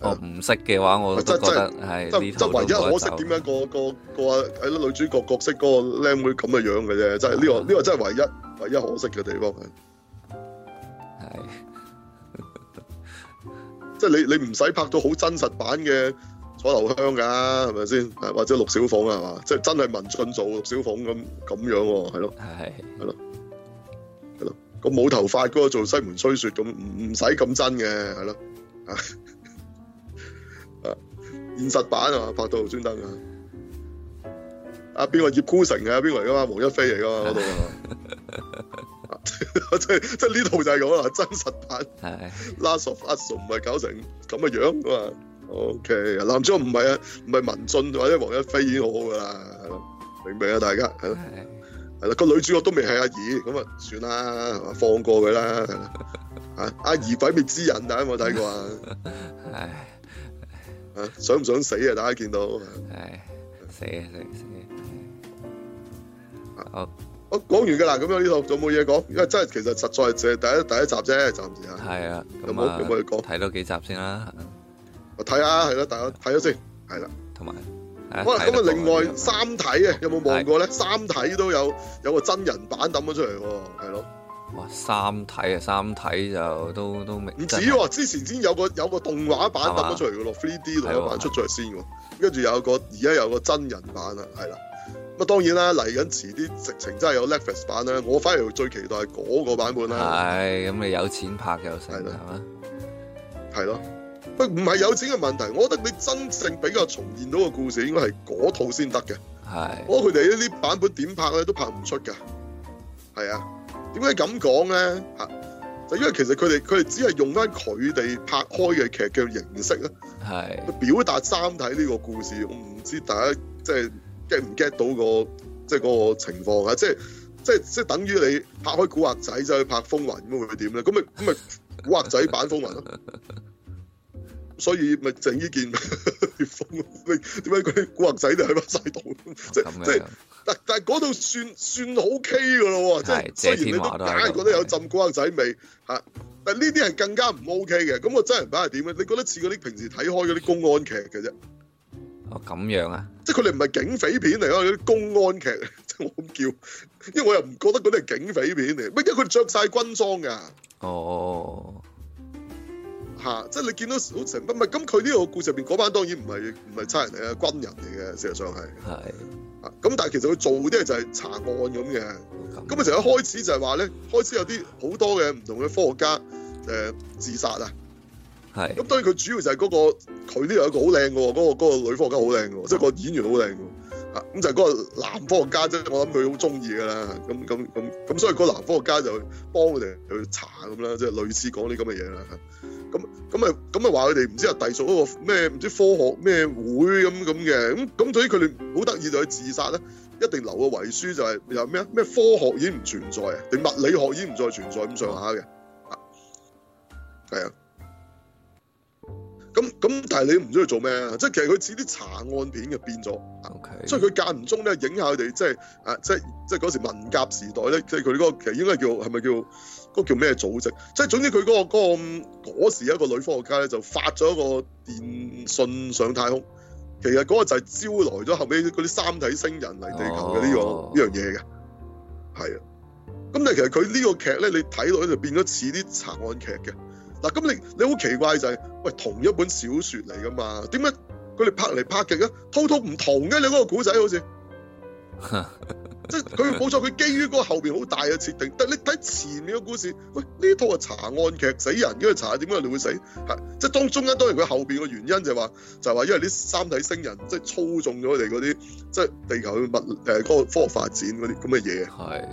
哦，唔識嘅話，我都覺得係。即唯一可惜，點樣的個個個啊，係女主角角色嗰個靚妹咁嘅樣嘅啫，即係呢個呢、呢個真係唯一唯一可惜嘅地方係。係，即係是的 你你唔使拍到好真實版嘅楚留香噶，係咪先？或者陸小鳳啊嘛，即係、就是、真係文俊做陸小鳳咁咁樣，係咯，係係咯。的個冇頭髮嗰個做西門吹雪咁，唔唔使咁真嘅，係咯，啊啊，現實版啊，拍到好專登啊，阿邊個葉孤城嘅、啊，邊個噶嘛，黃一飛嚟噶嘛，嗰度啊，即係即係呢套就係咁啦，真實版，係，Last of Us 唔係搞成咁嘅樣噶嘛、啊，OK，男主唔係啊，唔係文俊或者黃一飛演好好噶啦，明唔明啊，大家，係。係啦，個女主角都未係阿儀，咁啊算啦，放過佢啦。阿阿儀鬼滅之刃，大家有冇睇過啊？唉、 啊，想唔想死啊？大家見到，係、 哎、死了死了死了。我我講完噶啦，咁樣呢套仲冇嘢講，因為真係其實實在淨係第一第一集啫，暫時一下啊。係啊，咁啊，睇多幾集先啦、啊。我睇下，係咯、啊，大家睇咗先，係啦 、啊，同埋。好啦，咁啊，另外三體啊，有冇望過咧？三體都有有個真人版抌咗出嚟喎，係咯。哇，三體啊，三體就都都明。唔止喎，之前先有個有個動畫版抌咗出嚟，要落 3D 動畫版出咗先喎。跟住有個而家有個真人版啦，係啦。咁啊，當然啦，嚟緊遲啲，直情真係有 Netflix 版啦。我反而最期待係嗰個版本啦。係，咁你有錢拍又成係嘛？係咯。佢唔係有錢嘅問題，我覺得你真正比較重現到個故事，應該係嗰套先得嘅。係，我佢哋呢啲版本點拍咧，都拍唔出㗎。係啊，點解咁講咧？吓，就因為其實佢哋佢哋只係用翻佢哋拍開嘅劇嘅形式咯。係，表達三體呢個故事，我唔知道大家即係 get 唔 get 到個即係嗰個情況啊！即係即係即係等於你拍開古惑仔就去拍風雲咁會點咧？咁咪咁咪古惑仔版風雲咯。所以咪就係依件風，點解嗰啲古惑仔都喺度洗道？即即、哦就是、但但係嗰度算算好 K 嘅咯喎！即是雖然你都硬係覺得有浸古惑仔味嚇，的但呢啲係更加唔 OK 嘅。咁、那、我、個、真係唔知係點嘅。你覺得似嗰啲平時睇開嗰啲公安劇嘅啫。哦，咁樣啊！即佢哋唔係警匪片嚟啊，啲公安劇即我咁叫，因為我又唔覺得嗰啲係警匪片嚟。乜？因為佢着晒軍裝噶。哦。嚇、啊！即係你見到好成班咪，咁佢呢個故事入邊嗰班當然唔係唔係差人嚟嘅，是是軍人嚟嘅，事實上係係。咁但係其實佢做啲嘢就係查案咁嘅。咁、哦、其成日開始就係話咧，開始有啲好多嘅唔同嘅科學家誒、呃、自殺啊。係是。咁當然佢主要就係嗰、嗰個佢呢度有一個好靚嘅喎，嗰、嗰個嗰個女科學家好靚喎，即係個演員好靚。啊，咁就係嗰個男科學家啫，我諗佢好中意噶啦，咁咁咁咁，所以嗰個男科學家就幫佢哋去查咁啦，即係、就是、類似講啲咁嘅嘢啦。咁咁咪咁咪話佢哋唔知係第屬嗰個咩唔知科學咩會咁咁嘅，咁咁對於佢哋好得意就去自殺咧，一定留個遺書就係又咩咩科學已經唔存在，定物理學已經唔再存在咁上下嘅，係啊。咁咁，但係你唔鍾意做咩啊？即係其實佢似啲查案片嘅變咗，所以佢間唔中咧影下佢哋，即係啊，即係即係嗰時文革時代咧，即係佢嗰個其實應該叫係咪叫嗰、嗰個叫咩組織？即、就、係、係、總之佢嗰、嗰個嗰、嗰個、時一個女科學家咧就發咗一個電信上太空，其實嗰個就係招來咗後尾嗰啲三體星人嚟地球嘅呢樣呢樣嘢嘅，係啊、oh。咁但係其實佢呢個劇咧，你睇落咧就變咗似啲查案劇嘅。嗱，咁你你好奇怪就係、是，喂，同一本小説嚟噶嘛？點解佢哋拍嚟拍劇呀，套套唔同嘅？你嗰個故仔好似，即係佢冇錯，佢基於嗰個後邊好大嘅設定，但你睇前面嘅故事，喂，呢套係查案劇，死人嘅查，點解你會死？係即係當中間當然佢後邊嘅原因就係話，就係、是、話因為啲三體星人即係、就是、操縱咗你嗰啲即係地球物誒嗰、那個、科學發展嗰啲咁嘅嘢嘅。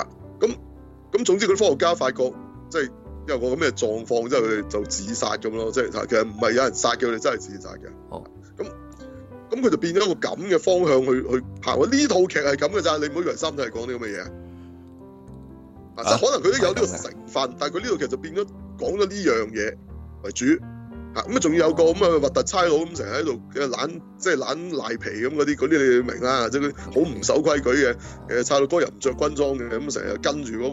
啊，咁咁總之佢科學家發覺即係。就是因為我咁嘅狀況，之後佢哋就自殺咁咯，即係其實唔係有人殺佢哋，真係自殺嘅。哦，咁咁佢就變咗一個咁嘅方向去去行。呢套劇係咁嘅咋，你唔好以為三體係講啲咁嘅嘢。啊，即可能佢都有呢個成分，啊、但係佢呢套劇就變咗講咗呢樣嘢為主。咁啊，仲要有個咁啊核突差佬咁成日喺度嘅攣，即係攣賴皮咁嗰啲，嗰啲你要明啦，即係好唔守規矩嘅。誒，差佬哥又唔着軍裝嘅，咁成日跟住嗰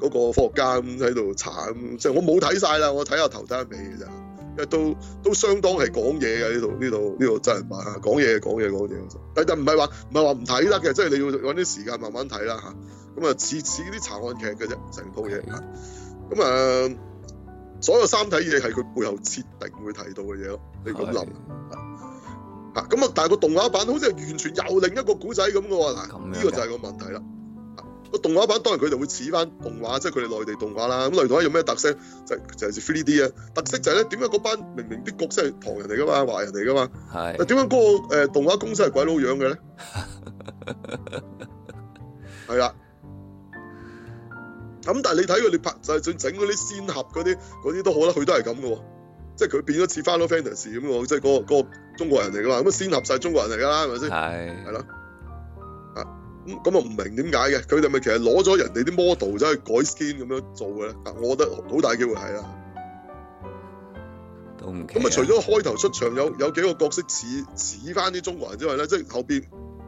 個嗰個科學家咁喺度查，即係我冇睇晒啦，我睇下頭睇下尾嘅啫。因為都都相當係講嘢嘅呢度呢度呢度真人版，講嘢講嘢講嘢。但但唔係話唔係話唔睇得嘅，即係你要揾啲時間慢慢睇啦嚇。咁啊，似似啲查案劇嘅啫，成套嘢。咁啊～所有三體嘢係佢背後設定會睇到嘅嘢咯，你咁諗嚇咁啊！Okay. 但係個動畫版好似係完全又另一個古仔咁喎嗱，呢個就係個問題啦。個動畫版當然佢哋會似翻動畫，即係佢哋內地動畫啦。咁內地有咩特色？就就係似 three D 啊！特色就係咧，點解嗰班明明啲角色係唐人嚟噶嘛，華人嚟噶嘛？係。嗱點解嗰個誒動畫公司係鬼佬樣嘅咧？係啦。 咁但係你睇佢哋拍就係整嗰啲仙俠嗰啲啲都好啦，佢都係咁嘅，即係佢變咗似 Final Fantasy 咁嘅喎，即係、嗰個、嗰個中國人嚟嘅嘛，咁啊仙俠曬中國人嚟噶啦，係咪先？係。係、嗯、咯。咁咁啊唔明點解嘅？佢哋咪其實攞咗人哋啲 model 走去改 skin 咁樣做嘅咧？我覺得好大機會係啦。都唔奇。咁啊，除咗開頭出場有有幾個角色似似翻啲中國人之外咧，即係後邊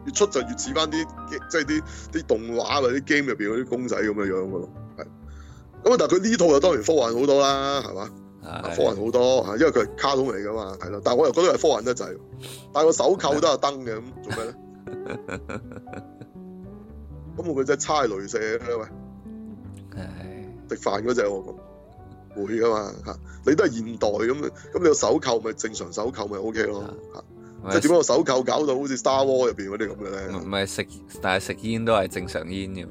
越出就越似翻啲即係啲啲動畫或者 game 入邊嗰啲公仔咁嘅樣嘅咯。咁但係佢呢套又當然科幻好多啦，係嘛？科幻好多嚇，因為佢係卡通嚟噶嘛，係咯。但係我又覺得係科幻得滯，但係個手扣都有燈嘅，咁 做咩咧？咁我嗰隻叉雷射啦喂！食的飯嗰隻我會噶嘛嚇？你都係現代咁咁你個手扣咪、就是、正常手扣咪 OK 咯嚇？的的即係點解個手扣搞到好似 Star Wars 入邊嗰啲咁嘅咧？唔係食，但係食煙都係正常煙嘅。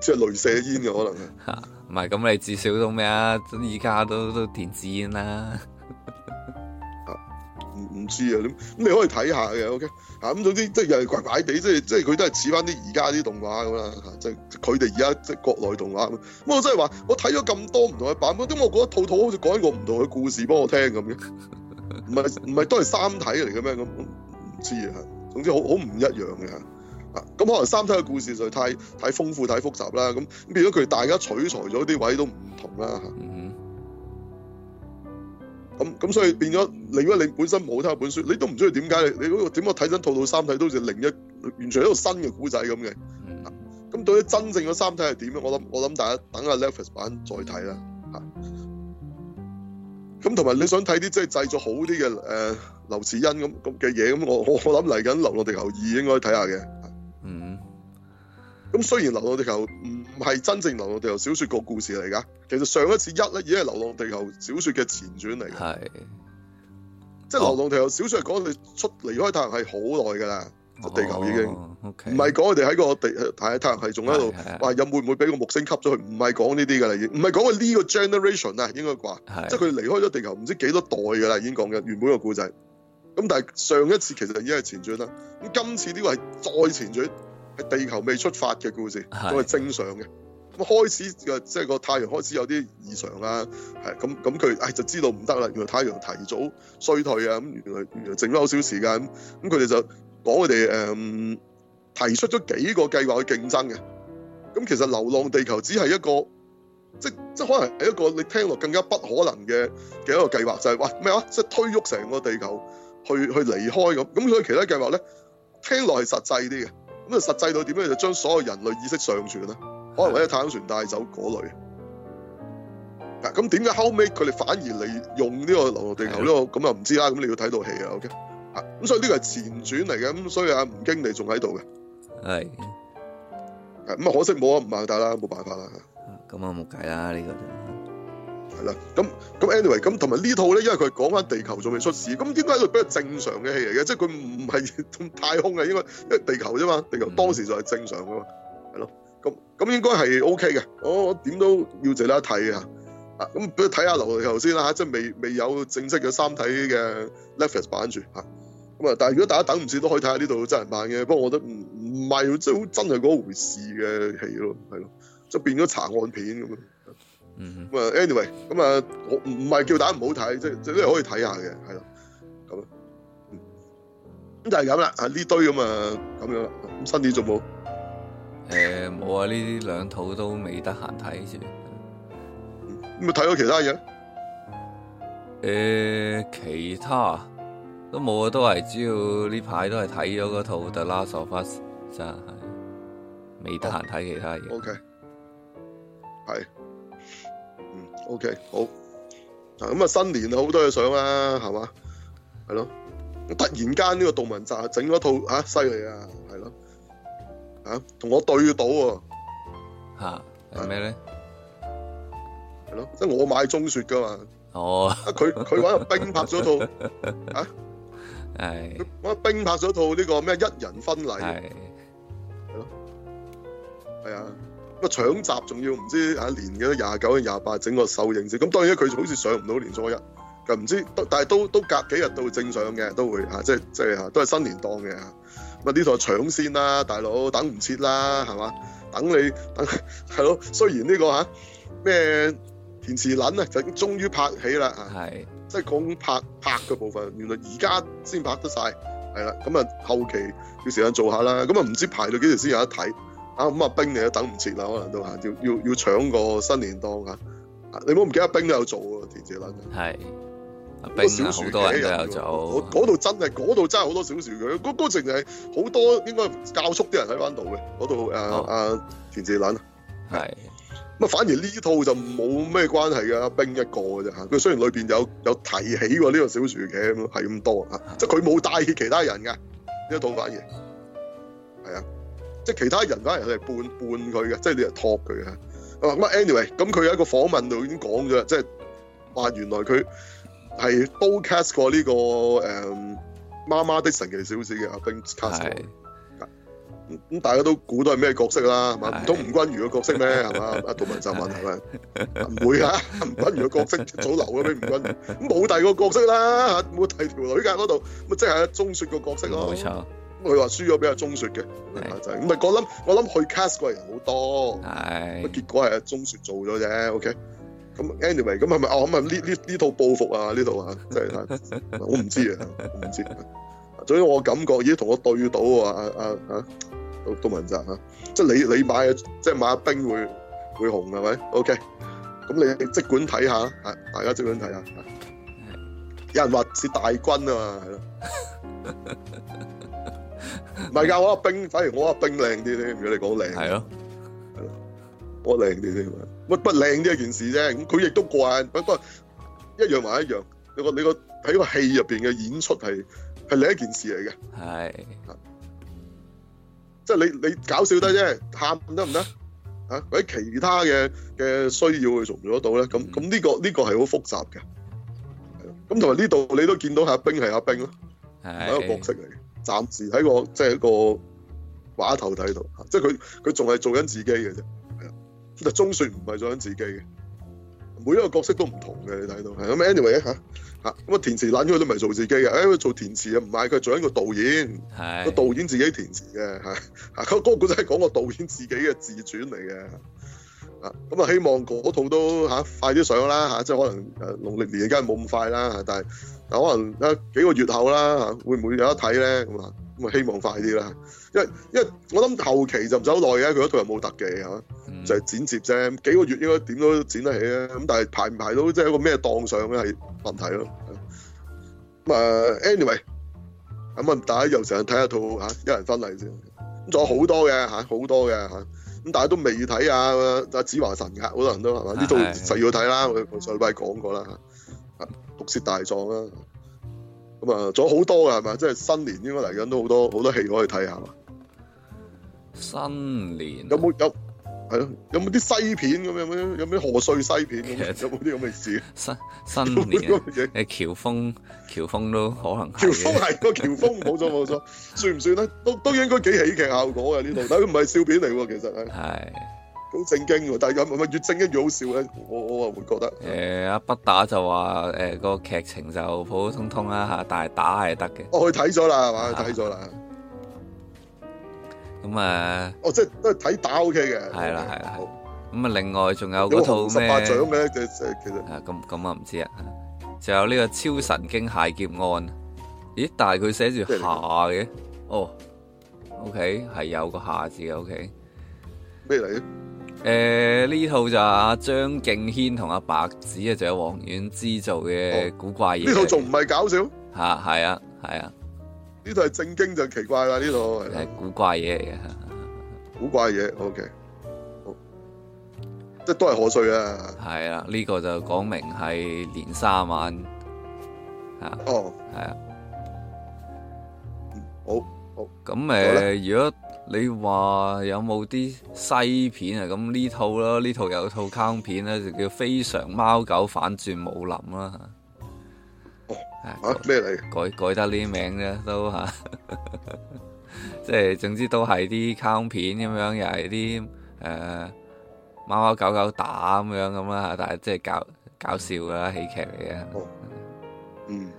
即係雷射煙嘅可能啊，唔係咁你至少現在都咩 啊？而家都都電子煙啦，唔唔知啊咁，你可以睇下嘅，OK？嚇、啊、咁，總之又係怪怪地，即係即係佢都係似翻啲而家啲動畫咁啦，即係佢哋而家即係國內動畫。咁我真係話，我睇咗咁多唔同嘅版本，點解我覺得套套好似講一個唔同嘅故事，幫我聽咁嘅，唔係唔係都係三體嚟嘅咩？咁、啊、唔知啊，總之好好唔一樣嘅。咁可能三體嘅故事就太太豐富、太複雜啦。咁變變咗佢大家取材咗啲位都唔同啦。咁咁、mm hmm. 所以變咗，如果你本身冇睇本書，你都唔知點解你你嗰個點解睇真套套三體都好似另一完全一個新嘅故仔咁嘅。咁到底真正嘅三體係點，我諗我諗大家等下 Levis 版再睇啦。咁同埋你想睇啲即係製作好啲嘅誒劉慈欣咁咁嘅嘢咁，我我諗嚟緊《流浪地球二》應該睇下嘅。咁雖然《流浪地球》唔係真正《流浪地球》小説個故事嚟噶，其實上一次一咧已經係《流浪地球》小説嘅前傳嚟。係，即係《流浪地球》小説講佢出離開太陽系好耐㗎啦，地球已經唔係講佢哋喺個地太太陽系仲喺度，話又會唔會俾個木星吸咗佢？唔係講呢啲㗎啦，已經唔係講佢呢個 generation 啦，應該話，即係佢離開咗地球唔知幾多代㗎啦，已經講緊原本個故仔。咁但係上一次其實已經係前傳啦，咁今次呢個係再前傳。地球未出發嘅故事，都係正常嘅。咁誒開始嘅即係個太陽開始有啲異常啦，係咁咁佢唉就知道唔得啦。原來太陽提早衰退啊，咁原來原來剩咗好少時間咁。咁佢哋就講佢哋誒提出咗幾個計劃去競爭嘅。咁其實《流浪地球》只係一個即即可能係一個你聽落更加不可能嘅嘅一個計劃，就係話咩啊？即推喐成個地球去去離開咁。咁所以其他計劃咧聽落係實際啲嘅。咁啊，實際到點咧？就將所有人類意識上傳咧，可能或者太空船帶走嗰類。嗱的，咁點解後尾佢哋反而利用呢個流浪地球呢、這個？咁啊唔知啦。咁你要睇套戲啊，OK？啊，咁所以呢個係前傳嚟嘅。咁所以阿吳京呢仲喺度嘅。係的。咁啊，可惜冇啊，唔買大啦，冇辦法啦。咁啊、嗯，冇計啦，呢、這個就。係啦，咁咁 anyway，咁同埋呢套咧，因為佢講緊地球仲未出事，咁點解係一個比較正常嘅戲嚟嘅，即係佢唔係同太空嘅，應該因為地球啫嘛，地球當時就係正常噶嘛，係咯、嗯，咁咁應該係 OK 嘅，我點都要值得一睇下，啊咁不如睇下《流浪地球》先啦，即係未未有正式嘅三體嘅 Netflix 版住嚇，咁啊，但係如果大家等唔住都可以睇下呢度真人版嘅，不過我覺得唔唔係即係好真係嗰回事嘅戲咯，係咯，就變咗查案片咁 anyway, 嗯，咁 a n y w a y 咁啊，我唔係叫打唔好睇，即即係可以睇下嘅，係咯、呃，咁，咁就係咁啦，啊呢堆咁啊，咁樣啦，咁新片仲冇？誒，冇啊，呢啲兩套都未得閒睇先，咁啊睇咗其他嘢？誒、呃，其他都冇啊，都係只要呢排都係睇咗嗰套《 The Last of Us》，真係未得閒睇其他嘢。O K，係。Okay, O.K. 好，嗱咁啊新年好多嘢想啦，係嘛？係咯，我突然間呢個杜汶澤整嗰套吓犀利啊，係咯，吓同、啊、我對到喎吓係咩咧？係咯、啊，即係我買中雪噶嘛哦，佢佢搵個冰拍咗套 啊，係搵個冰拍咗套呢個咩一人婚禮係，係咯 是，係啊。乜搶閘仲要唔知嚇、啊、年幾廿九、廿八整個首映先，咁當然佢好似上唔到年初一，就唔知，但係都都隔幾日都會正常嘅，都會嚇、啊，即係即係嚇都係新年檔嘅咁，乜呢套搶先啦，大佬等唔切啦，係嘛？等你等，係咯，雖然呢、這個嚇咩電視劇啊，就終於拍起啦嚇，是即係講拍拍嘅部分，原來而家先拍得晒。係啦，咁、嗯、啊後期要時間做下啦，咁啊唔知道排到幾時先有得睇。啊咁啊，冰你都等唔切啦，可能都嚇，要要要搶個新年檔嚇。你冇唔記得阿冰都有做嘅田字諗，係是個小樹嘅人。嗰嗰度真係嗰度真係好多小樹嘅，嗰、那、直、個、程係好多應該教叔啲人喺翻度嘅嗰度。誒、那、誒、個啊好啊，田字諗係咁啊，是反而呢套就冇咩關係嘅，阿冰一個嘅啫嚇。佢雖然裏邊有有提起過呢個小樹嘅咁係咁多嚇，的即係佢冇帶其他人嘅呢套反而係啊。即係其他人反而係半半佢嘅，即係你係托佢嘅。我話咁 anyway 咁佢有一個訪問度已經講咗，即係話原來佢係都 cast 過呢、這個誒、嗯《媽媽的神奇小子》嘅阿 Ben Cast。係。咁大家都估到係咩角色啦？唔通吳君如嘅角色咩？係嘛？阿杜汶澤問係咪？唔會啊！吳君如嘅角色早留咗俾吳君如，冇第二個角色啦，冇第二條女㗎嗰度，咪即係中雪個角色咯。冇錯。佢話輸咗俾阿鐘雪嘅，的就係唔係？我諗我諗去 cast 嗰人好多，咁的結果係阿鐘雪做咗啫。OK，咁 anyway 咁係咪？我諗啊呢呢呢套報復啊呢套啊，真、就、係、是、 我唔知啊，我唔知。所以我感覺已經同我對到啊。阿阿嚇杜杜文澤嚇，即係你你買即係買阿兵會會紅係咪？OK，咁你即管睇下，嚇、啊、大家即管睇下，啊、的有人話似大軍啊嘛，係咯。 唔係噶，的我阿冰反而我阿冰靚啲添，如果你講靚。係咯的，我靚啲添，乜不靚呢一件事啫。咁佢亦都慣不過一樣還一樣。你，你個你個喺個戲入邊嘅演出係係另一件事嚟嘅。係的、啊，即係你你搞笑得啫，喊得唔得啊？或者其他嘅嘅需要去做得到咧，咁咁呢個呢、這個係好複雜嘅。咁同埋呢度你都見到阿冰係阿冰咯，係的一個角色嚟。暫時喺個即係一個話頭睇度，即係佢佢仲係做緊自己嘅啫。但係終算唔係做緊自己嘅，每一個角色都唔同嘅。你睇到係咁的，anyway 嚇嚇咁啊，填詞攔咗佢都唔係做自己嘅。佢、欸、做填詞啊，唔係佢做緊個導演，個的導演自己填詞嘅嚇嚇。嗰、啊，那個古仔係講個導演自己嘅自傳嚟嘅。咁啊希望嗰套都嚇快啲上啦嚇，即係可能誒農曆年而家冇咁快啦嚇，但係但可能誒幾個月後啦嚇，會唔會有得睇咧咁啊？咁啊希望快啲啦，因為因為我諗後期就唔使耐嘅，佢嗰套又冇特技嚇，嗯、就係剪接啫，幾個月應該點都剪得起啊，咁但係排唔排到即係一個咩檔上嘅係問題咯。咁啊，Anyway，咁啊，大家又成日睇下套嚇一人婚禮先，咁仲有好多嘅嚇，好多嘅嚇。咁但係都未睇啊，阿子華神嘅好多人都係嘛，呢是的 套就要睇啦。我上禮拜講過啦，毒舌大狀啦，咁啊，仲有好多噶係咪？即係新年應該嚟緊都好多好多戲可以睇下嘛。新年、啊、有冇有？有係咯，有冇啲西片咁樣咩？有咩賀歲西片？有冇啲咁嘅事新？新新年、啊，誒，喬峯，喬峯都可能喬 峯係個喬峯，冇錯冇錯，算唔算咧？都都應該幾喜劇效果啊呢套，但唔係笑片嚟喎，其實係。係好的正經喎，但係咁唔係越正經越好笑咧，我我啊會覺得。誒，阿不、啊、打就話，誒、呃嗰個劇情就普普通通啦吓，嗯、但係打係得嘅。我去睇咗啦，係嘛的，睇咗啦。咁啊！哦，即係都係睇打 O K 嘅。係啦、啊，係啦、啊。咁啊好、嗯，另外仲有嗰套咩？十八掌嘅，其實。咁咁啊，唔知啊。就有呢個超神經械劫案。咦？但係佢寫住下嘅。哦。O K，係有個下字嘅。O、okay、K。咩嚟嘅？誒、啊，呢套就係阿張敬軒同阿白只啊，仲有王菀之做嘅古怪嘢。呢、哦、套仲唔係搞笑？吓，係啊，係啊。呢套係正經就奇怪啦，呢套係古怪嘢嚟嘅，古怪嘢。O、OK、K，好，即係都係賀歲啊。係啦，呢、這個就講明係年卅晚啊。哦，係啊的、嗯，好好。咁誒那，呢如果你話有冇啲西片啊，咁呢套啦，呢套有套卡通片咧，就叫《非常貓狗反轉武林》啦。咩嚟、哦啊、改改得呢名嘅，都吓，即、啊、係 總之都係啲卡通片咁樣，又係啲誒貓貓狗狗打咁樣咁啦，但係即係搞搞笑噶啦，喜劇嚟嘅。嗯，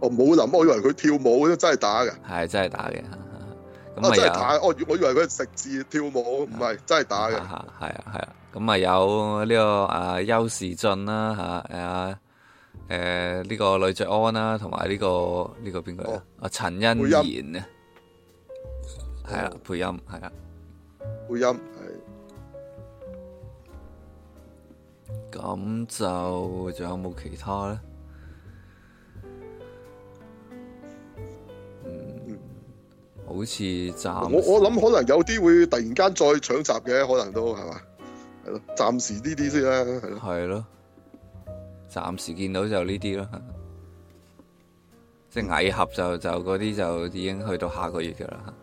我冇諗，我以為佢跳舞，都真係打㗎，係真係打嘅，咁、啊啊啊、真係打。我我我以為佢食字跳舞，唔係真係打嘅。吓係啊係啊，咁啊，啊，啊有呢、這個啊邱時俊啦吓啊。誒，呢、呃呢個呂卓安啦，同埋呢個呢個邊個啊？還有這個這個、啊，陳、哦啊、欣然啊，係啦， 配音係啦，配音係。咁就仲有冇其他咧？嗯、好似暫我我諗可能有啲會突然間再搶集嘅，可能都係嘛？係咯，暫時呢啲先啦，係咯。暫時見到就呢啲咯，即係蟻俠就就嗰啲就已經去到下個月噶啦。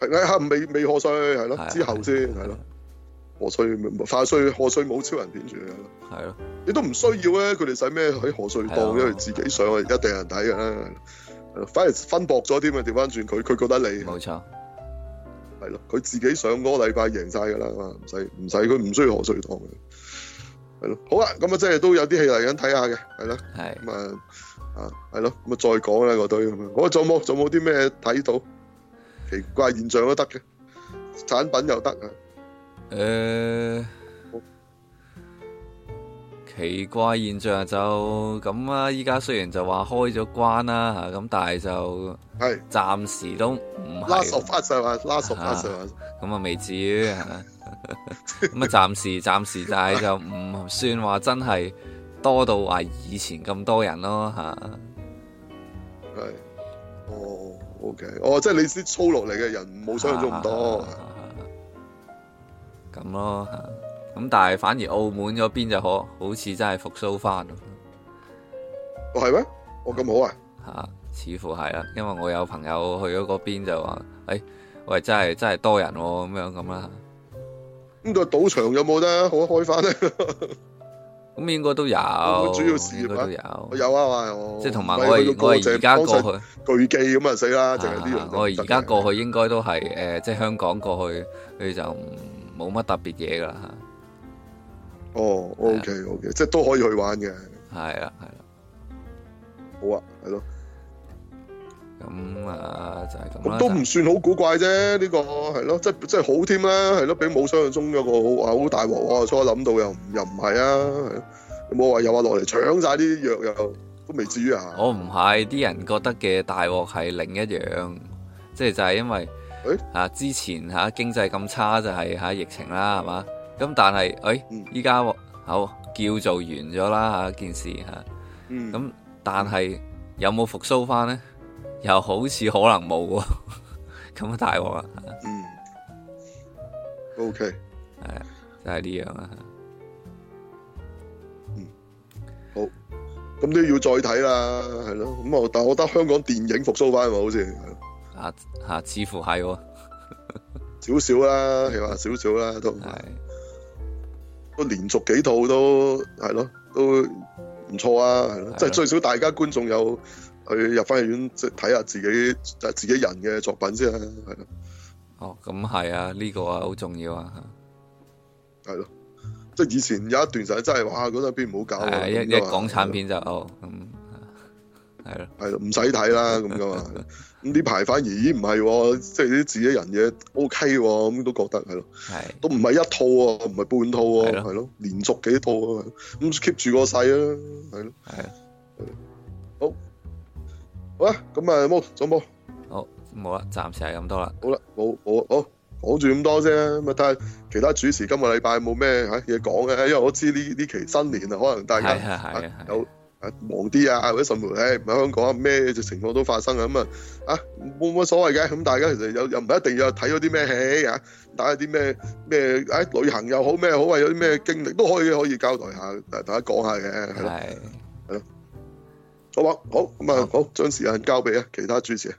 蟻俠未未賀歲係咯，之後先係咯。賀歲、花絮、賀歲冇超人片住係咯。係咯，你都唔需要呢，佢哋使咩喺賀歲檔因為自己上啊，而家定有人睇噶啦。反而分薄咗添啊！調翻轉，佢佢覺得你冇錯，係咯，佢自己上嗰個禮拜贏晒噶啦嘛，唔使唔使，佢唔需要賀歲檔嘅。係囉，好啊，咁是啊，即係都有啲戲嚟緊睇下嘅，係囉，咁啊，啊，係囉，咁啊，再講啦嗰堆，好我仲冇？仲冇啲咩睇到奇怪現象都得嘅產品又得啊，誒、呃。奇怪現象就咁啊！依家雖然就話開咗關啦嚇，咁但係就係暫時都唔係拉熟發曬話，拉熟發曬話，咁啊未至於嚇，咁 啊暫時暫時，暫時就係就唔算話真係多到話以前咁多人咯嚇。係，哦，OK，哦，即係你啲操落嚟嘅人冇想象中咁多，咁咯嚇。啊啊啊啊啊。咁但係反而澳門嗰邊就可好似真係復甦翻咯，哦係咩？我咁好啊！嚇，似乎係啦，因為我有朋友去咗嗰邊就話，誒，喂，真係真係多人喎，咁樣咁啦。咁個賭場有冇得好開翻咧？咁應該都有，主要該都有，有啊嘛。即係同埋我係我而家過去，巨記咁啊死啦！我而家過去應該都係誒，即係香港過去，佢就冇乜特別嘢噶啦嚇哦、oh,，OK OK，是、啊、即係都可以去玩嘅。係啊，係啦、啊，好啊，係咯、啊。咁啊，就係、是、咁。我都唔算好古怪啫，呢、這個係咯、啊，即係即係好添、啊、啦，係咯、啊。比冇想象中一個好哇，好大鑊哇！初下諗到又又唔係啊，有冇話又話落嚟搶晒啲藥又都未至於啊？我唔係，啲人覺得嘅大鑊係另一樣，即係就係、是、因為誒，吓、欸啊、之前吓、啊、經濟咁差就係、是、吓、啊、疫情啦，係嘛？咁但係，誒、哎，依家、嗯、好叫做完咗啦吓，件事吓。咁、嗯、但係有冇復蘇翻咧？又好似可能冇，咁啊大鑊啦。嗯，O K，係就係、是、呢樣啊。嗯，好，咁都要再睇啦，係咯。咁啊，但我覺得香港電影復蘇翻咪好似吓吓，似乎係、哦、 少少啦，係嘛，少少啦，都係。都連續幾套都係咯，都唔錯啊！係咯，即係最少大家觀眾有去入翻去院即係睇下自己即係自己人嘅作品先係咯。是哦，咁係啊，呢個啊好重要啊！係咯，即係以前有一段就係真係哇，覺得邊唔好搞啊！一一港產片就的哦。係咯，係咯，唔使睇啦咁噶嘛。咁呢排反而咦唔係，即係啲自己人嘢 O K 喎，咁都覺得係咯。係的都唔係一套喎，唔係半套喎，係咯的，連續幾套啊。咁 keep 住個勢啊，係咯。係啊的，好啊，咁啊，冇，走冇。好，冇啦，暫時係咁多啦。好啦，冇冇，好講住咁多先。咁啊，睇下其他主持今個禮拜冇咩嚇嘢講嘅，因為我知呢呢期新年啊，可能大家係啊係啊，忙啲啊，或者甚至，唉，唔喺香港啊，咩情況都發生啊，咁啊，啊，冇乜所謂嘅，咁大家其實又又唔一定要睇咗啲咩戲打啊，大家啲咩咩，唉，旅行又好咩，好啊，有啲咩經歷都可以可以交代下，大家講下嘅，係咯的，好啊，好，咁啊，好，將時間交俾啊其他主持。